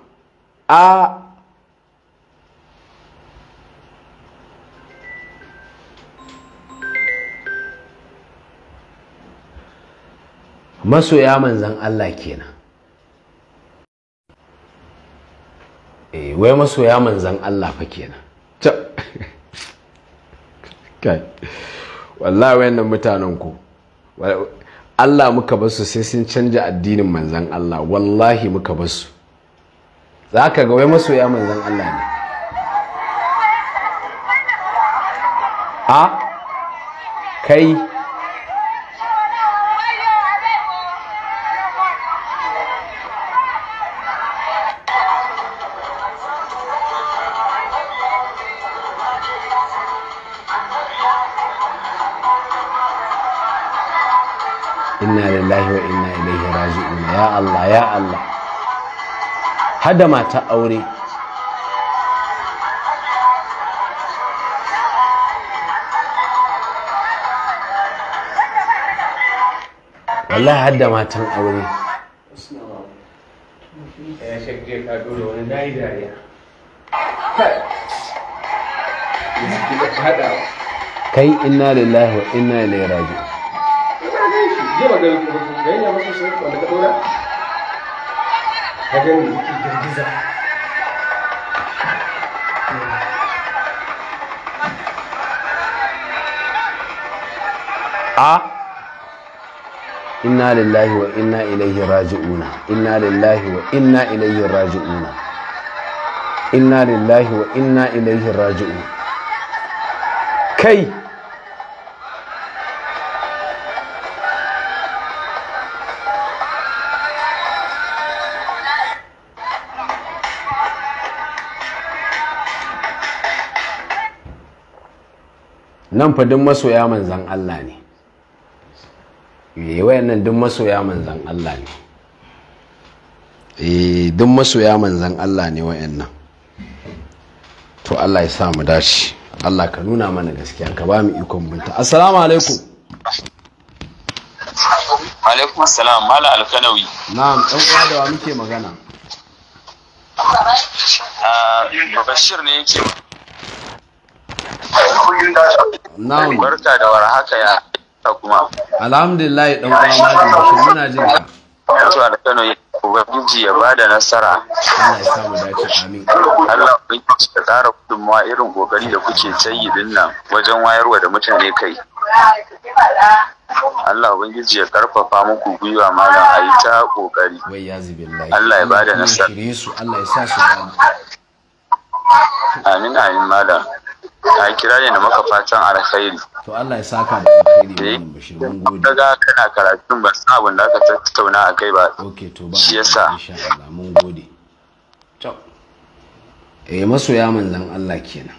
masoya manzan Allah kenan eh wai masoya manzan Allah fa kenan (laughs) kai wallahi wayannan mutanen ku Allah muka basu sai sun canja addinin manzan Allah wallahi muka basu za ka ga wai masoya manzan Allah ne a kai da mata aure Allah har da matan aure kai inna lillahi wa inna ilaihi
raji'un wajen da yake girgiza
inna lillahi wa inna ilaihi raji'una inna lillahi wa inna ilaihi raji'una inna lillahi wa inna ilaihi raji'una kai nan fa duk masoya manzan Allah ne eh, wayan nan duk masoya manzan Allah ne eh duk masoya manzan Allah ne wayan nan to Allah ya sa mu dashi Allah ka nuna mana gaskiya ka ba mu ikon binta assalamu alaikum alaikum assalam mala alkanawi na'am dan uwa da wa muke magana
ah, Bashir ne yake Na'am. Barka da warhaka ya ta kuma.
Alhamdulillah dan uwa malam Bashir muna jin ka.
da Kano Ubangiji ya bada nasara. Allah ya samu dace amin. Allah tsara irin kokari da kuke sayyidin nan wajen wayarwa da mutane kai. Allah ubangiji ya karfafa muku gwiwa malam a ta kokari. Wai ya zibillahi. Allah ya bada nasara. Allah ya sa su Amin amin malam. Ka kira ne da maka fatan alkhairi
to Allah ya saka da alkhairi eh? mun bashir
mun gode kaga kana karatun ba sabon da aka tattauna a kai ba okay to ba shi yasa
insha Allah mun gode to eh masoya manzon Allah kenan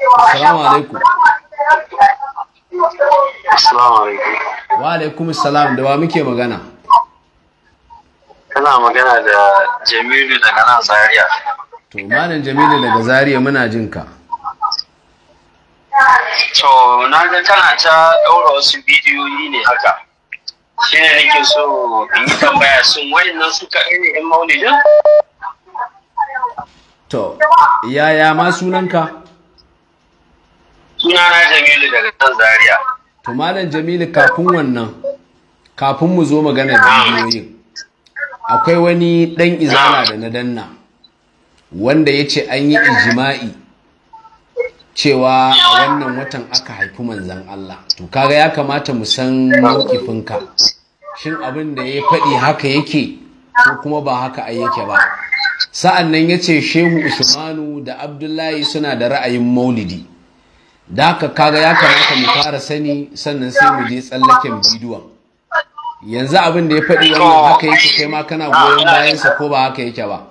Assalamu alaikum. Assalamu alaikum. Wa alaikum assalam da wa muke magana?
Kana magana da Jamilu daga nan Zaria.
to malam jamilu daga zariya muna jin ka
to na ga tana ta ɗaura wasu bidiyoyi ne haka shine nake so in yi tambaya sun wayannan suka ne yan maulidin
to yaya ma sunanka na jamilu daga kan Zariya. to malam jamilu kafin wannan kafin mu zo magana bidiyoyin akwai wani ɗan izana da na danna wanda ya ce an yi ijima'i cewa wannan watan aka haifi manzan Allah to kaga ya kamata mu san mawkifinka shin abin da ya faɗi haka yake ko kuma ba haka ai yake ba sa'an nan ya ce shehu usmanu da abdullahi suna da ra'ayin maulidi da haka kaga ya kamata mu fara sani sannan sai mu je tsallaken bidiyon yanzu abin da ya faɗi wannan haka yake kai ma kana goyon bayansa ko ba haka yake ba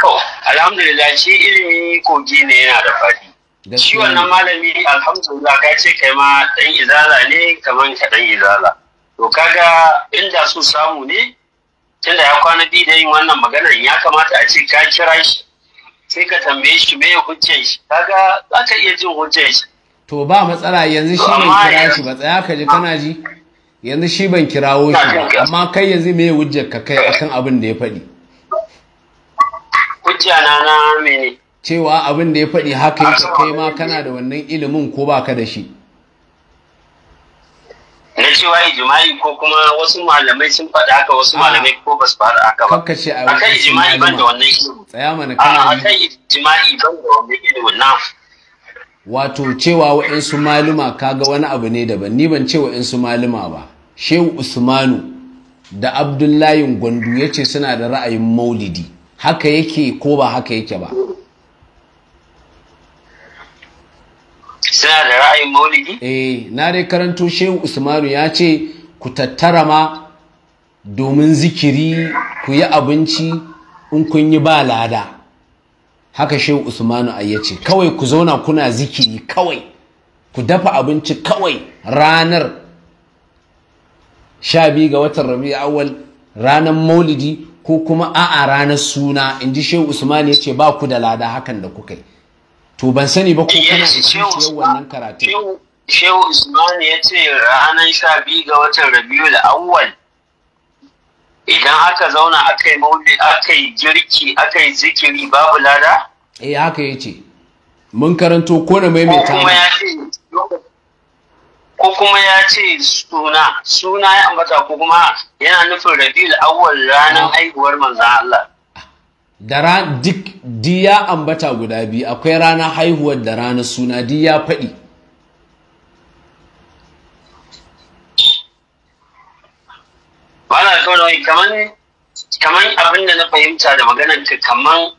kawai alhamdulillah shi ilimi kogi ne yana da faɗi
shi wannan malami
alhamdulillah ka ce kai ma ɗan izala ne kaman ka ɗan izala to kaga inda su samu ne tunda ya kwana biyu da yin wannan maganar ya kamata a ce ka kira shi sai ka tambaye shi me ya shi kaga za ka iya jin hujjar shi
to ba matsala yanzu shi ne kira shi ba tsaya ka ji kana ji yanzu shi ban kirawo shi amma kai yanzu me hujjar ka kai akan abin da ya faɗi hujja na na mene cewa abin da ya faɗi haka yake kai ma kana da wannan ilimin ko baka da shi
na cewa ijimai ko kuma wasu malamai sun faɗa haka wasu malamai ko ba su faɗa haka ba kanka
ce a akan ijimai ban da wannan ilimin tsaya mana kana akan
ijimai ban da wannan ilimin na
wato cewa wa'insu maluma kaga wani abu ne daban ni ban ce wa'insu maluma ba shehu usmanu da abdullahi gwandu ya ce suna da ra'ayin maulidi haka yake ko ba haka yake ba suna da ra'ayin maulidi? eh na dai karanto shehu usmanu ya ce ku tattara ma domin zikiri ku yi abinci in kun yi ba lada haka shehu usmanu a ce kawai ku zauna kuna zikiri kawai ku dafa abinci kawai ranar sha biyu ga watan rabi'u awwal ranar maulidi ko kuma a'a ranar suna in ji shehu usman ya ce ba ku da lada hakan da kuka yi to ban sani ba ko kana da kiciyar wannan karatu shehu
usman ya ce ranar sha biyu ga watan rabiul awwal idan aka zauna aka yi mauli
aka yi jirki aka yi zikiri babu lada eh haka ya ce mun karanto ko na maimaita kuma ya ce
ko kuma ya ce suna suna ya ambata ko kuma yana nufin rabil awwal ranar haihuwar manzan Allah
da ran duk di ya ambata guda biyu akwai rana haihuwar da ranar suna di ya faɗi
bana kawai kaman kaman abin da na fahimta da maganar ka kaman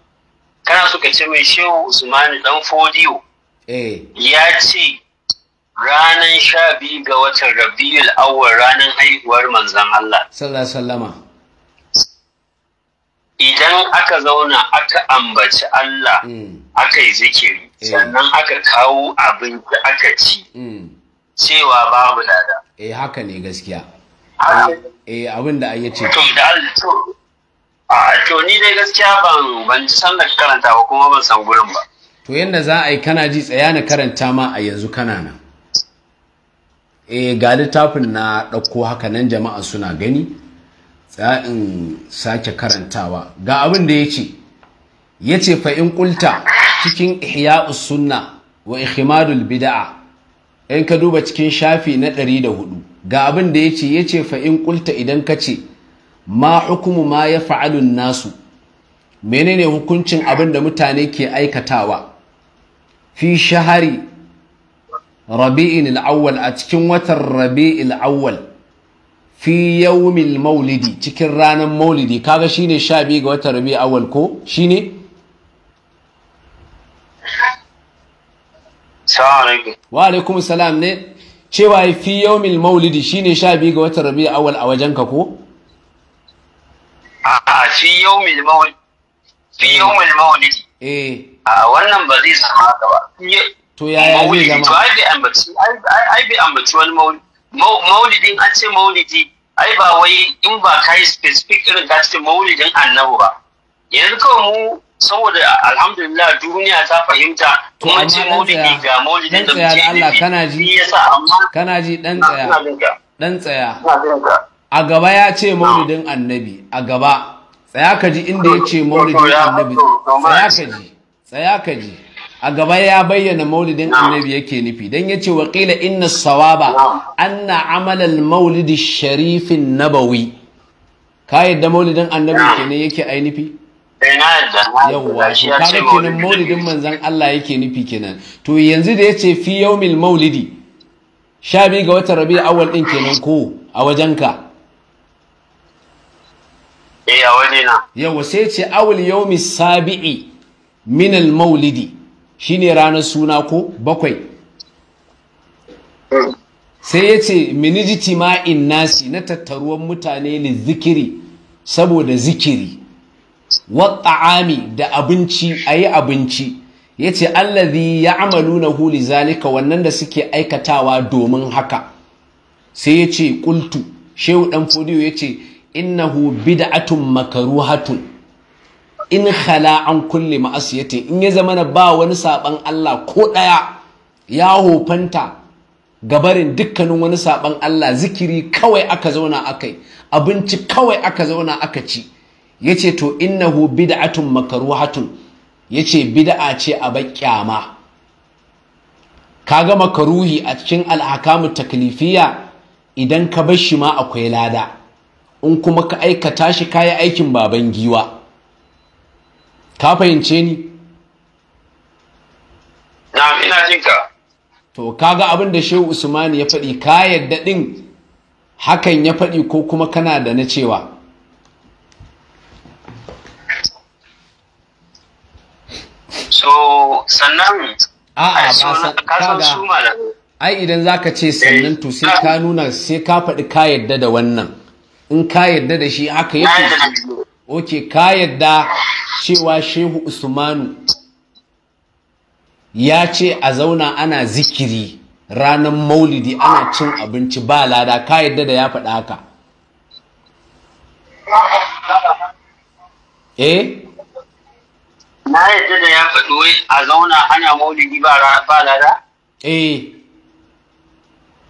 kana suka ce mai shehu usmani dan fodiyo eh. ya ce ranan sha biyu ga watan rabiul awwal ranan haihuwar manzan Allah
Sallah sallama
idan aka zauna aka ambaci Allah hmm. aka
yi zikiri eh. sannan aka kawo abinci aka ci hmm. cewa babu lada eh haka ne gaskiya ah. eh abin da ya ce to da
a to ni dai gaskiya ban ban san da karanta ba kuma ban san gurin ba
to yadda za a yi kana ji tsaya na karanta ma a yanzu kana nan e ga littafin na ɗauko haka nan jama'a suna gani za sake karantawa ga abin da ya ce ya ce fa'in ƙulta cikin ihya'us sunna wa ihimadul bida'a in ka duba cikin shafi na ɗari da hudu ga abin da ya ce ya ce fa'in ƙulta idan ka ce ma hukumu ma ya fa'alun nasu menene hukuncin abin da mutane ke aikatawa fi shahari Rabi'in al'awwal a cikin watan Rabi'in awwal fi yawmil maulidi cikin ranar maulidi kaga shine biyu ga watan Rabi'in awwal ko shine wa alaikum salam ne cewa fi yawmil maulidi shine biyu ga watan Rabi'in awwal a wajenka ko
a fi yawmil maulidi fi yawmil maulidi eh a wannan ba zai sama haka ba to yaya zai zama to ai bai ambaci ai bai ambaci wani maulidin an ce maulidi ai ba wai in ba kai specific irin ka ce maulidin annabi ba yanzu kawai mu saboda alhamdulillah duniya ta fahimta an ce maulidi ga maulidin da muke Allah kana ji
kana ji dan tsaya dan tsaya a gaba ya ce maulidin annabi a gaba tsaya ka ji inda ya ce maulidin annabi tsaya ka ji tsaya ka ji a gaba ya bayyana maulidin annabi yake nufi dan yace ce waƙila inna sawaba anna amala al maulid sharifin nabawi ka yadda maulidin annabi kenan yake ai nufi eh, yawwa shi kaga kenan maulidin manzon Allah yake nufi kenan to yanzu da yace fi yawmil maulidi sha biyu ga watan rabi'u awwal din kenan ko a wajenka eh a wajena sai ce awul yawmi sabi'i min al maulidi Shi ne ranar suna ko bakwai sai ya ce minijiti ma'in nasi na tattaruwan mutane ne zikiri saboda zikiri wata'ami da abinci a yi abinci ya ce allazi ya amalu na huli zalika wannan da suke aikatawa domin haka sai ya ce kultu, shehu ɗan fodiyo ya ce innahu makaru hatun in khala an kulle kulli ma'asiyatin in ya zama na ba wani saban Allah ko ɗaya ya hofanta gabarin dukkanin wani saban Allah zikiri kawai aka zauna akai abinci kawai aka zauna aka ci yace to innahu bid'atun makruhatun yace bid'a ce a Ka ga makaruhi a cikin al'akamu taklifiya idan ka bar shi ma akwai lada in kuma ka aikata shi kayi aikin baban giwa ka fahimce ni na ina jinka to kaga abin da shehu usmani ya faɗi ka yadda ɗin hakan ya faɗi ko kuma kana da na cewa
so sannan
a'a ba kaga ai idan zaka ce sannan to sai eh, ka nuna sai ka faɗi ka yadda da wannan in ka yadda da shi haka yake oke ka yadda cewa shehu usmanu ya ce a zauna ana zikiri ranar maulidi ana cin abinci ba lada ka yadda da ya faɗa haka eh
na yadda da ya faɗo a zauna ana maulidi ba lada eh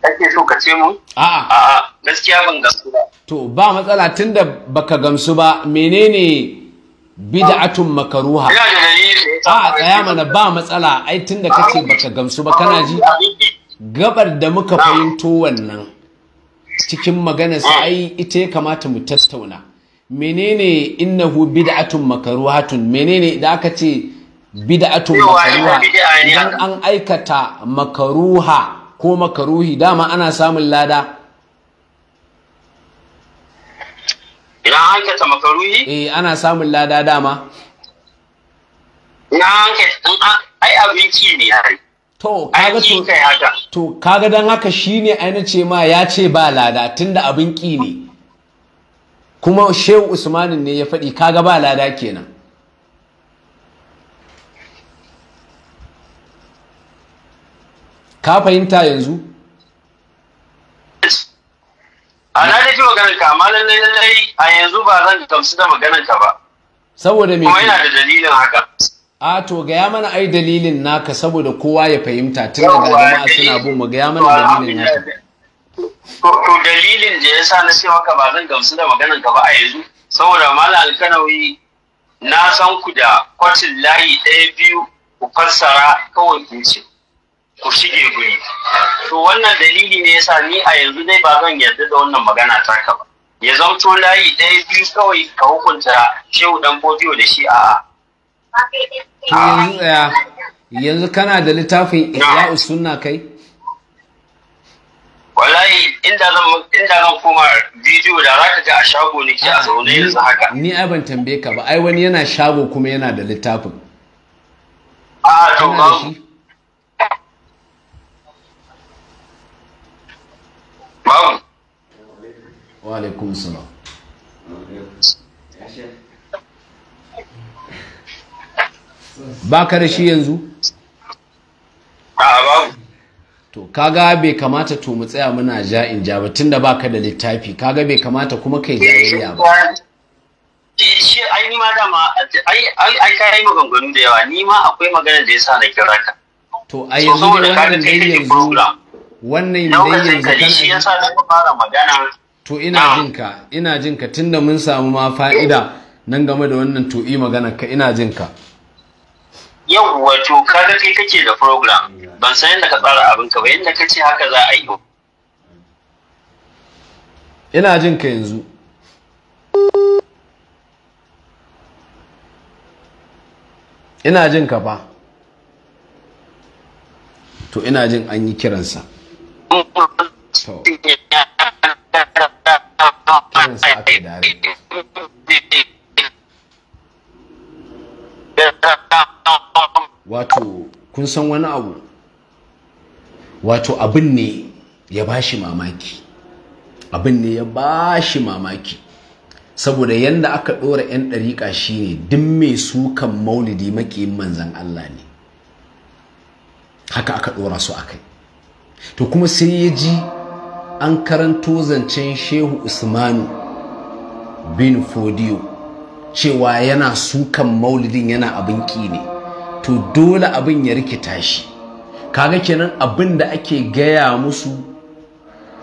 kake so ka ce mu? A'a. A'a, gaskiya ban gamsu ba.
To, ba matsala tunda baka gamsu ba, menene bid'atun makaruha? Ina da dalili. A'a, tsaya mana ba matsala, ai tunda kace baka gamsu ba kana ji? Gabar da muka fahimto wannan cikin magana su, ai ita ya kamata mu tattauna. Menene innahu bid'atun makaruhatun? Menene da aka ce bid'atun makaruha? Idan an aikata makaruha ko makaruhi dama ana samun lada
idan aikata makaruhi
eh ana samun lada dama ai abinci ne ai to kaga to to kaga dan haka shine aina ce ma ya ce ba lada tunda abin ki ne kuma shehu usmanin ne ya faɗi kaga ba lada kenan ka fahimta yanzu
a na da ji maganar ka amma lallai lallai a yanzu ba zan gamsu da maganar ka ba
saboda me kuma yana
da dalilin haka
a to gaya mana ai dalilin naka saboda kowa ya fahimta tun daga jama'a suna bin mu gaya mana dalilin naka
to dalilin da yasa na ce maka ba zan gamsu da maganar ka ba a yanzu saboda malam alkanawi na san ku da kwatin layi ɗaya biyu ku fassara kawai ku ce ku shige guri to wannan dalili ne yasa ni a yanzu dai ba zan yarda da wannan magana ta ka ba ya zamto layi ɗaya biyu kawai ka hukunta shehu dan bodiyo da shi a
yanzu kana da littafin ihya'u sunna kai
wallahi inda zan inda zan koma bidiyo da za ka ga a shago ke a
zaune yanzu haka ni ai ban tambaye ka ba ai wani yana shago kuma yana da littafin a to ba wa salam ba ka da shi yanzu? to kaga bai kamata to mu tsaya muna ja in ja ba tunda ba ka da littafi kaga bai kamata kuma kai jayayya ba
eh, shi ai ma dama ai ai ka yi maganganu da yawa ni ma akwai maganar da ya sa na kira ka
to ai yanzu wannan dai yanzu wannan dai yanzu kana shi
yasa na fara magana
to ina ah. jin ka ina jin ka tunda mun samu ma fa'ida nan game da wannan to'i magana ka ina jin ka
wato ka ga kai kake da program ban san yadda ka tsara abin ka ba yadda ka ce haka za a yi
ina jin ka yanzu ina jin ka fa to ina jin an yi kiransa kiran sa aka wato kun san wani abu wato abin ne ya bashi mamaki abin ne ya bashi mamaki saboda yanda aka ɗora 'yan ɗariƙa shine duk mai sukan maulidi makiyin manzan Allah ne haka aka ɗora su a kai to kuma sai ya ji an karanto zancen shehu usmanu bin fodiyo cewa yana sukan maulidin yana abin ƙi ne to dole abin ya rikita shi kaga kenan abin da ake gaya musu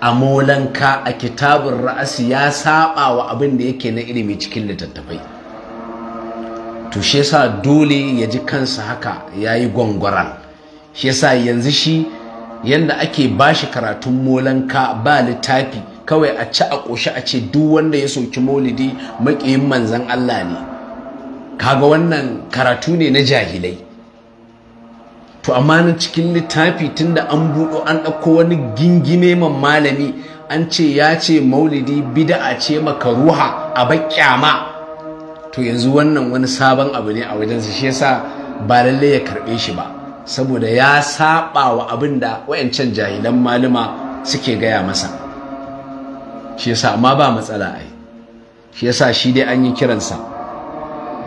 a molanka a kitabun ra'asi ya saba wa abin da yake na ilimi cikin littattafai to shi dole ya ji kansa haka ya yi gwangwaran shi yanzu shi Yadda ake ba shi karatun molanka ba littafi kawai a ci a ƙoshi a ce duk wanda ya soki maulidi maƙiyin manzan Allah ne kaga wannan karatu ne na jahilai to amma na cikin littafi tunda an buɗo an ɗauko wani gingime man malami an ce ya ce maulidi bida'a ce maka makaruha a baƙyama to yanzu wannan wani sabon abu ne a wajensa shi yasa ba lallai ya karɓe shi ba saboda ya saba wa abin da wayancan jahilan malama suke gaya masa shi yasa amma ba matsala ai shi yasa shi dai an yi kiransa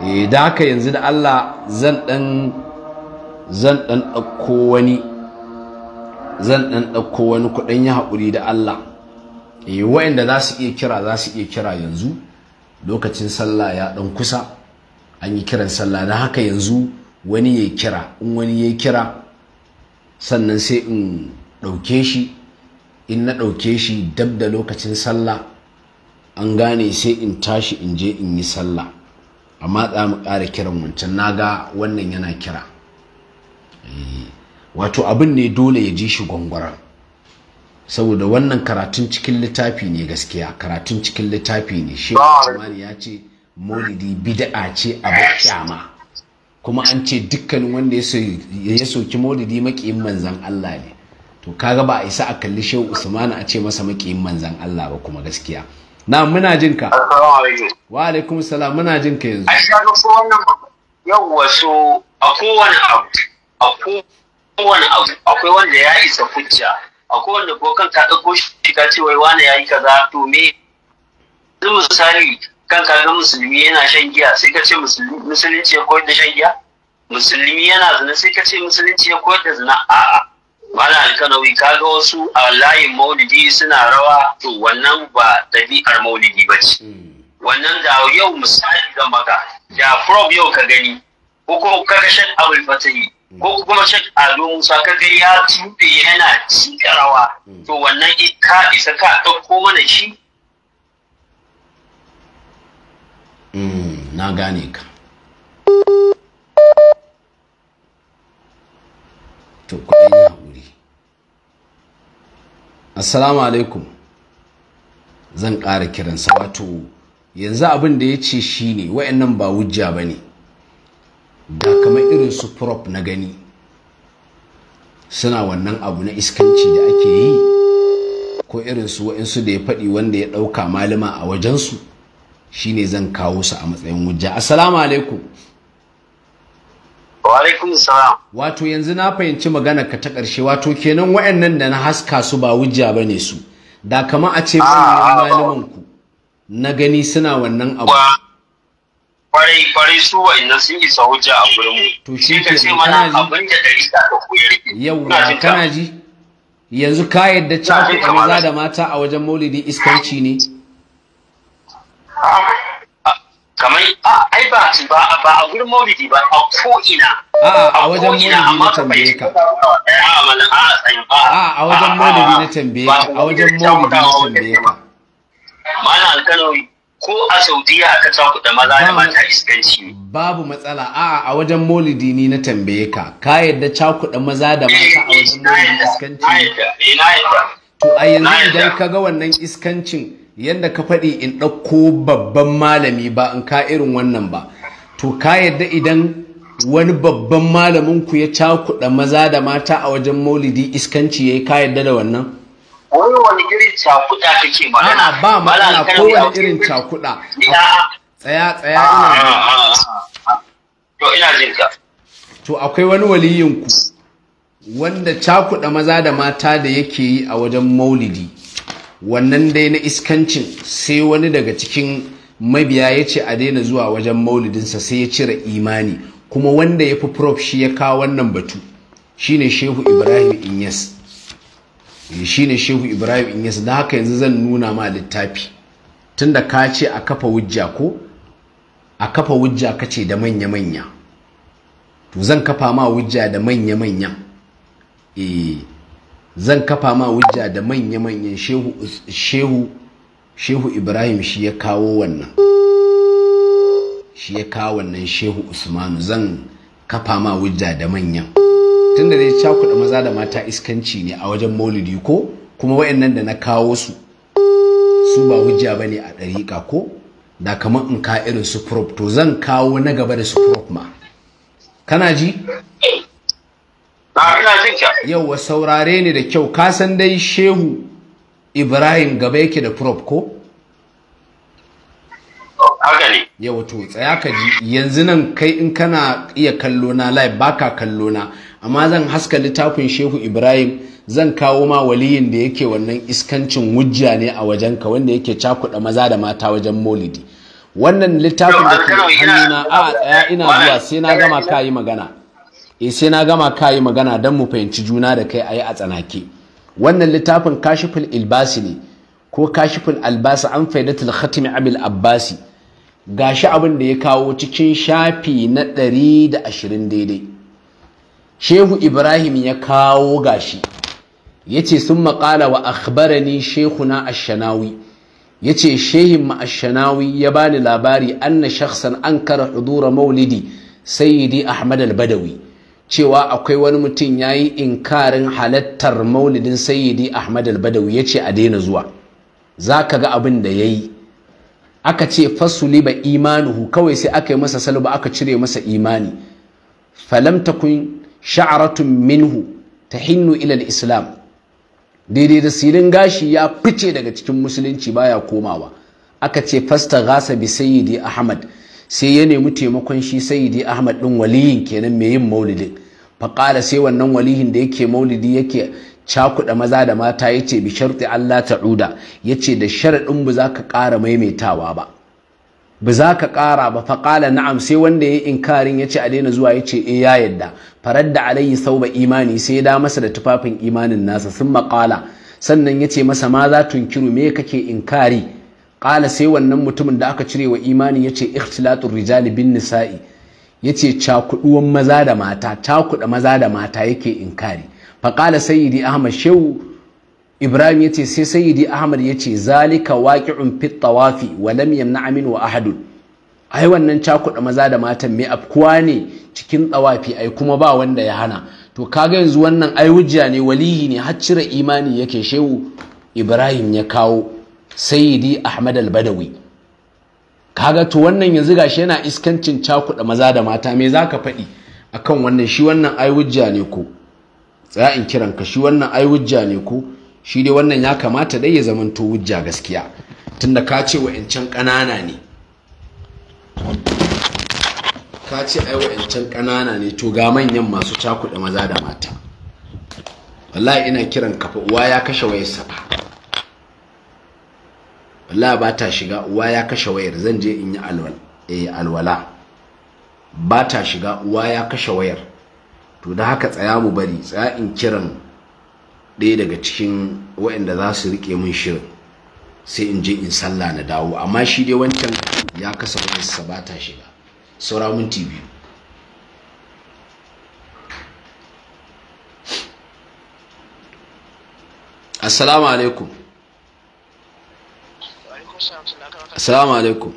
eh da haka yanzu da Allah zan dan zan dan dauko wani zan dan dauko wani kudin ya hakuri da Allah eh wayanda za su iya kira za su iya kira yanzu lokacin sallah ya dan kusa an yi kiran sallah da haka yanzu wani ya kira in wani ya kira sannan sai in ɗauke shi in na ɗauke shi dab da lokacin sallah an gane sai in tashi in je in yi sallah amma za mu ƙara kiran wancan na ga wannan yana kira eh, wato abin ne dole ya ji shi gwangwaran saboda wannan karatun cikin littafi ne gaskiya karatun cikin littafi ne shi ya ce maulidi bida'a ce a kyama kuma an ce dukkanin wanda ya soki maulidi maƙiyin manzan Allah ne to kaga ba a isa a kalli shehu usman a ce masa maƙiyin manzan Allah ba kuma gaskiya na muna jin ka wa alaikum salam muna jin ka yanzu a
shaga ko wannan yawwa so a kowane abu a kowane abu akwai wanda ya isa hujja akwai wanda ko kan ka ɗauko shi ka ce wai wani ya yi kaza to me yanzu misali kanka ga musulmi yana shan giya sai ka ce musulunci ya koyar da shan giya musulmi yana zina sai ka ce musulunci ya koyar da zina a'a mala alkanawi ga wasu a layin maulidi suna rawa to wannan ba ɗabi'ar maulidi ba ce hmm. wannan da yau misali zan maka da from yau ka gani ko kuma ga shan abul fatahi ko hmm. kuma shek ado musa ka ga ya tuɗe yana ci rawa hmm. to wannan ka isa ka ɗauko mana shi
Mm, na gane ka to kuɗin ya wuri assalamu alaikum zan ƙara kiransa wato yanzu abin da ya ce shi ne wa'annan ba wujja ba ne da kamar irin su prop na gani suna wannan abu na iskanci da ake yi ko irin su wa'insu da ya faɗi wanda ya ɗauka malama a wajensu shine zan kawo su a matsayin hujja assalamu alaikum wa alaikum salam wato yanzu na fahimci magana ka ta ƙarshe wato kenan wayannan da na haska su ba hujja bane su da kama a ce ah, ah, malaman ku na gani suna wannan abu
kwarai kwarai su wa'annan sun isa hujja a gurin mu
to shi ke mana abin da dari da ta koyar rike yau kana ji yanzu ka yadda cakuɗa maza da mata a wajen maulidi iskanci ne
kamar a wajen maulidi
na tambaye ka a a wajen
a wajen maulidi na tambaye ka mana alkano maza da mata
babu matsala a a wajen maulidi ni na tambaye ka ka yadda cakuɗa maza da mata
a wajen maulidi iskanci
to a yanzu idan ka ga wannan iskancin yadda ka faɗi in ɗauko babban malami ba in ka irin wannan ba to ka yadda idan wani babban malamin ku ya cakuɗa maza da mata a wajen maulidi iskanci ya yi ka yadda da wannan
wani irin cakuɗa kake Ana ba ko irin
cakuɗa tsaya ina ah, ah, ah, to to akwai wani waliyin ku wanda cakuɗa maza da mata da yake yi a wajen maulidi wannan dai na iskancin sai wani daga cikin mabiya ya ce a daina zuwa wajen maulidinsa sai ya cire imani kuma wanda ya fi prof shi ya kawo wannan batu shine shehu ibrahim inyas eh, shine shehu ibrahim inyas don haka yanzu zan nuna ma littafi tunda ka ce a kafa wujja ko a kafa wujja ka ce da manya-manya to zan kafa ma wujja da manya-manya zan kafa ma wujja da manya-manyan shehu ibrahim shi ya kawo wannan shi ya kawo wannan shehu usmanu zan kafa ma wujja da manyan tunda dai cakuɗa maza da mata iskanci ne a wajen maulidi ko kuma wayannan da na kawo su su ba hujja ba ne a ɗariƙa ko da kamar in ka irin su prop to zan kawo na gaba da su prop ma kana ji wa saurare ne da kyau kasan dai shehu ibrahim gaba yake da prop ko Yau to tsaya ka ji yanzu nan kai in kana iya kallo na live baka kallo na amma zan haska littafin shehu ibrahim zan kawo ma waliyin da yake wannan iskancin wujja ne a wajen ka, wanda yake cakuɗa maza da mata wajen molidi wannan littafin da ke hannuna a tsaya ina zuwa sai na gama ka yi magana e sai na gama kayi magana don mu fahimci juna da kai a yi a tsanake wannan littafin kashiful ilbasi ne ko kashiful albasi an faidatul khatimi abil abbasi ga shi abin da ya kawo cikin shafi na 120 daidai shehu ibrahim ya kawo gashi ya ce sun maƙala wa akhbarani shehuna ashanawi ya ce shehin ma ashanawi ya bani labari anna shakhsan an kara hudura maulidi sayyidi ahmad al-badawi cewa akwai wani mutum ya yi inkarin halattar maulidin sayyidi ahmad al-badawi ya ce a daina zuwa za ka ga abin da ya yi aka ce fasuli ba imanuhu kawai sai aka yi masa salba aka cire masa imani falam kun sha'aratun minhu ta hinnu ilal islam daidai da silin gashi ya fice daga cikin musulunci baya komawa aka ce fasta gasa bi sayyidi ahmad sai ya nemi taimakon shi sayyidi ahmad ɗin waliyin kenan mai yin maulidin faƙala sai wannan walihin da yake maulidi yake cakuɗa maza da mata ya ce bi sharti Allah ta'uda ya ce da sharaɗin ba za ka ƙara maimaitawa ba ba za ka ƙara ba faƙala na'am sai wanda ya yi inkarin ya ce a daina zuwa ya ce e eh ya yadda farar da alayyi sauba imani sai ya da masa da tufafin imanin nasa sun maƙala sannan ya ce masa ma za tunkiru me kake inkari ƙala sai wannan mutumin da aka cire wa imani ya ce ikhtilatul rijali bin nisa'i ya ce cakuduwan maza da mata cakuda maza da mata yake inkari faƙala sayyidi ahmad shehu ibrahim ya ce sai sayyidi ahmad ya ce zalika waƙi'un fit tawafi wa lam yamna amin wa ahadun ai wannan cakuda maza da mata mai afkuwa ne cikin tsawafi ai kuma ba wanda ya hana to kaga yanzu wannan ai hujja ne walihi ne har cire imani yake shehu ibrahim ya kawo sayyidi ahmad al-badawi kaga to wannan yanzu gashi yana iskancin cakuɗa maza da mata me zaka faɗi akan wannan shi wannan ai hujja ne ko tsaya in kiran shi wannan ai hujja ne ko shi dai wannan ya kamata dai ya zamanto hujja gaskiya tunda ka ce wa'ancan ƙanana ne ka ce ai wa'ancan ƙanana ne to ga manyan masu cakuɗa maza da mata wallahi ina kiran kafa uwa ya kashe wayarsa ba la ba ta shiga uwa ya kashe wayar zan je in yi alwal eh, alwala ba ta shiga uwa ya kashe wayar to da haka tsaya mu bari tsaya in kiran ɗaya daga cikin waɗanda za su riƙe min shirin sai in je in sallah na dawo amma shi dai wancan ya kasa wayarsa ba ta shiga saura minti tv. assalamu alaikum Assalamu alaikum.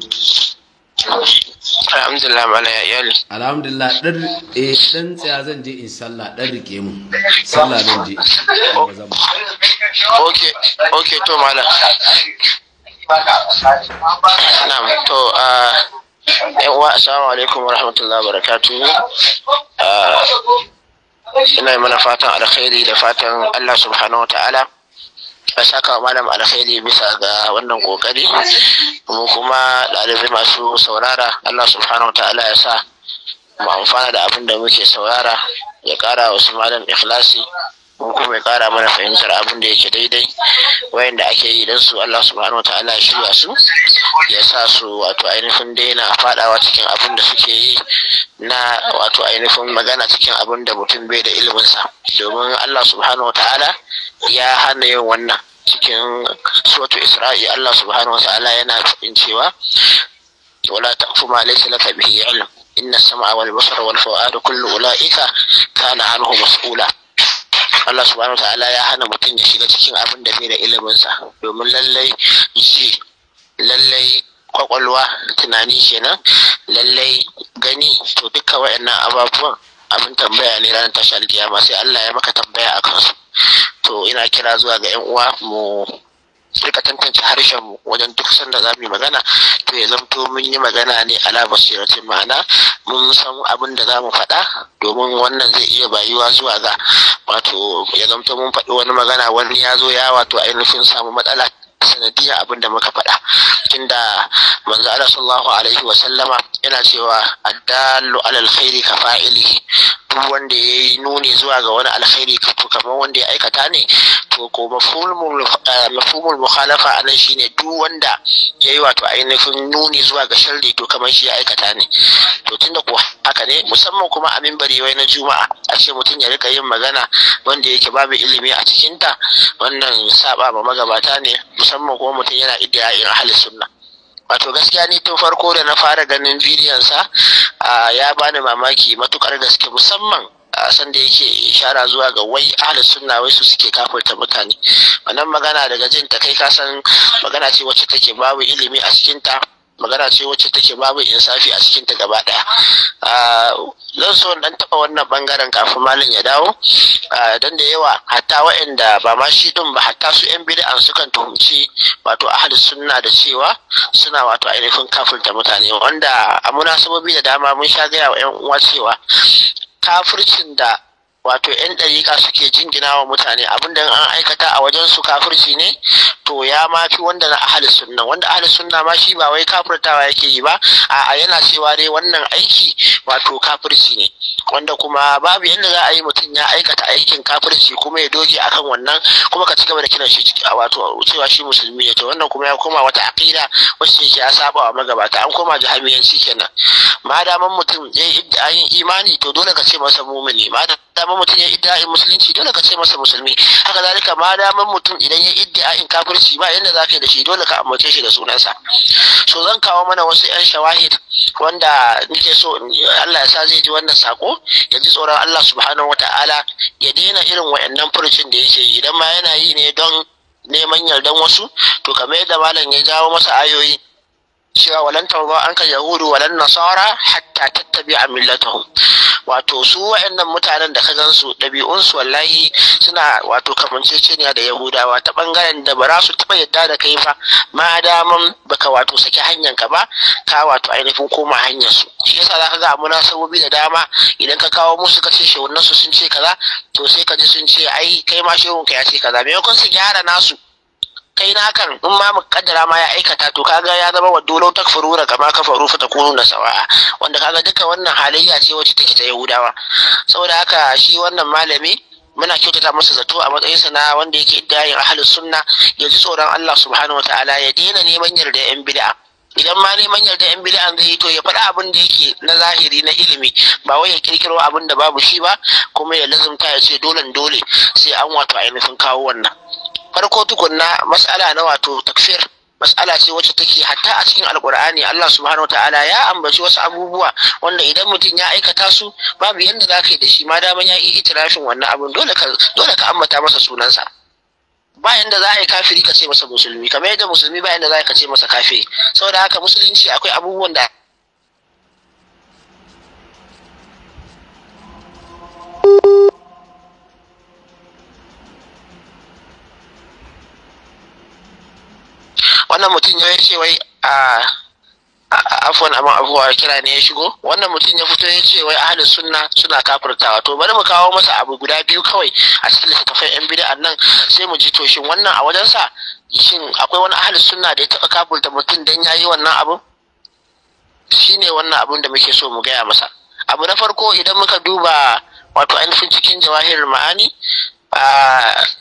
Alhamdulillah mala ya iyali.
Alhamdulillah dan eh dan tsaya zan je in sallah ɗan rike mu.
Sallah zan je. Okay, okay to mala. Na'am to ah yan uwa assalamu alaikum wa rahmatullahi wa barakatu ah, ina yi mana fatan alkhairi da fatan Allah subhanahu wa ta'ala a saka wa malam alkhairi bisa ga wannan kokari mu kuma ɗalibai masu saurara Allah subhanahu ta'ala ya sa mu amfana da abin da muke saurara ya ƙara wasu malam ikhlasi mu kuma ya kara mana fahimtar abin da yake daidai wayanda ake yi dan su Allah subhanahu ta'ala ya shirya su ya sa su wato ainihin daina fadawa cikin abin da suke yi na wato ainihin magana cikin abin da mutum bai da iliminsa domin Allah subhanahu ta'ala ya hana yin wannan cikin suratu isra'i Allah subhanahu wa ta'ala yana faɗin cewa wala taqfu ma laysa laka bihi ilm inna as-sam'a wal basara wal fu'ada kullu ulaika kana anhu mas'ula Allah subhanahu wa ta'ala ya hana mutum ya shiga cikin abin da bai da ilimin sa domin lallai ji lallai kwakwalwa tunani kenan lallai gani to duka waɗannan ababuwan abin tambaya ne ranar tashar kiyama sai Allah ya maka tambaya a kansu to ina kira zuwa ga 'yan uwa mu rika tantance harshen mu wajen duk sanda za mu yi magana to ya zamto mun yi magana ne ala basiratin ma'ana mun san abin da za mu faɗa domin wannan zai iya bayuwa zuwa ga wato ya zamto mun faɗi wani magana wani ya zo ya wato ainihin samu matsala sanadiya abin da muka faɗa tunda manzo Allah sallallahu alaihi wa sallama yana cewa addallu alal khairi ka fa'ilihi duk wanda ya nuni zuwa ga wani alkhairi kamar wanda ya aikata ne to ko mafhumul eh, mukhalafa a nan shine duk wanda ya wato ainihin nuni zuwa ga sharri to kamar shi ya aikata ne to tunda ko haka ne musamman kuma a mimbari wai na juma'a a ce mutum ya rika yin magana wanda yake babu ilimi a cikinta wannan saba ba magabata ne musamman kuma mutum yana in ahli sunna wato gaskiya ni tun farko da na fara ganin bidiyon sa ya bani mamaki matukar gaske musamman san da yake ishara zuwa ga wai ahli sunna wai su suke kafirta mutane wannan magana daga jin ta kai ka san magana ce wacce take babu ilimi a cikin ta magana ce wacce take babu insafi a cikin ta gaba daya ah, zan so dan taɓa wannan bangaren kafin malam ya dawo ah, dan da yawa hatta wa'inda ba ma shi din ba hatta su yan bid'an sukan tuhumci wato ahli sunna da cewa suna wato ainihin kafirta mutane wanda a munasabobi da dama mun sha gaya yan uwa cewa kafircin da wato 'yan ɗariƙa suke jingina wa mutane abinda an aikata a wajen su kafirci ne to ya ma fi wanda na ahli sunna wanda ahli sunna ma shi ba wai kafirtawa yake yi ba a yana cewa dai wannan aiki wato kafirci ne wanda kuma babu yadda za a yi mutum ya aikata aikin kafirci kuma ya doge akan wannan kuma ka ci gaba da kiran shi wato cewa shi musulmi ne to wannan kuma ya koma wata aqida wacce yake ya saba wa magabata an koma jahiliyanci kenan ma daman mutum ya yi imani to dole ka ce masa mumini madaman Kuma mutum ya in musulunci dole ka ce masa musulmi haka zalika ma damar mutum idan ya in kafirci ba yadda za ka yi da shi dole ka ambace shi da sunansa so zan kawo mana wasu yan shawahid wanda nake so Allah ya sa zai ji wannan sako ya ji tsoron Allah subhanahu wata'ala ya daina irin wayannan furucin da yake idan ma yana yi ne don neman yardan wasu to kamar yadda malam ya jawo masa ayoyi cewa walan tarba an ka yahudu walan nasara hatta tattabi a millatahum wato su wa'annan mutanen da ka gansu su wallahi suna wato kamanceceniya da yahudawa ta ɓangaren da ba za su taɓa yadda da kai ba, ma daman baka wato saki hanyar ka ba ka wato ainihin koma hanyar su shi yasa za ka ga munasabobi da dama idan ka kawo musu ka ce shehunan su sun ce kaza to sai ka ji sun ce ai kai ma shehun ya ce kaza maimakon su gyara nasu kai nakan in ma mukaddara ma ya aikata to kaga ya zama wa dole takfuruna kama kafaru fa na sawa'a wanda kaga duka wannan halayya ce wacce take ta Yahudawa saboda haka shi wannan malami muna kyautata masa zato a sa na wanda yake dayin ahlus sunna ya tsoron Allah subhanahu wataala ya daina neman yarda yan bid'a idan ma neman yarda yan bid'a zai yi to ya faɗi abin da yake na zahiri na ilimi ba wai ya kirkiro abin da babu shi ba kuma ya lazumta ya ce dole dole sai an wato ainihin kawo wannan farko tukunna mas'ala na wato takfir mas'ala ce wacce take hatta a cikin alkur'ani Allah subhanahu ta'ala ya ambaci wasu abubuwa wanda idan mutum ya aikata su babu yanda za ka yi da shi ma daman ya yi itirafin wannan abin dole ka dole ka ambata masa sunansa ba yanda za a yi kafiri ka ce masa musulmi kamar yadda musulmi ba yanda za ka ce masa kafiri saboda haka musulunci akwai abubuwan da wannan mutum ya ce wai a afwan abin abubuwa kira ne ya shigo wannan mutum ya fito ya ce wai ahalin sunna suna kafirtawa to bari mu kawo masa abu guda biyu kawai a cikin littattafai yan bid'an nan sai mu ji to shin wannan a wajen sa shin akwai wani ahalin sunna da ya taba kafirta mutum don ya yi wannan abu shine wannan abun da muke so mu gaya masa abu na farko idan muka duba wato ainihin cikin jawahirin ma'ani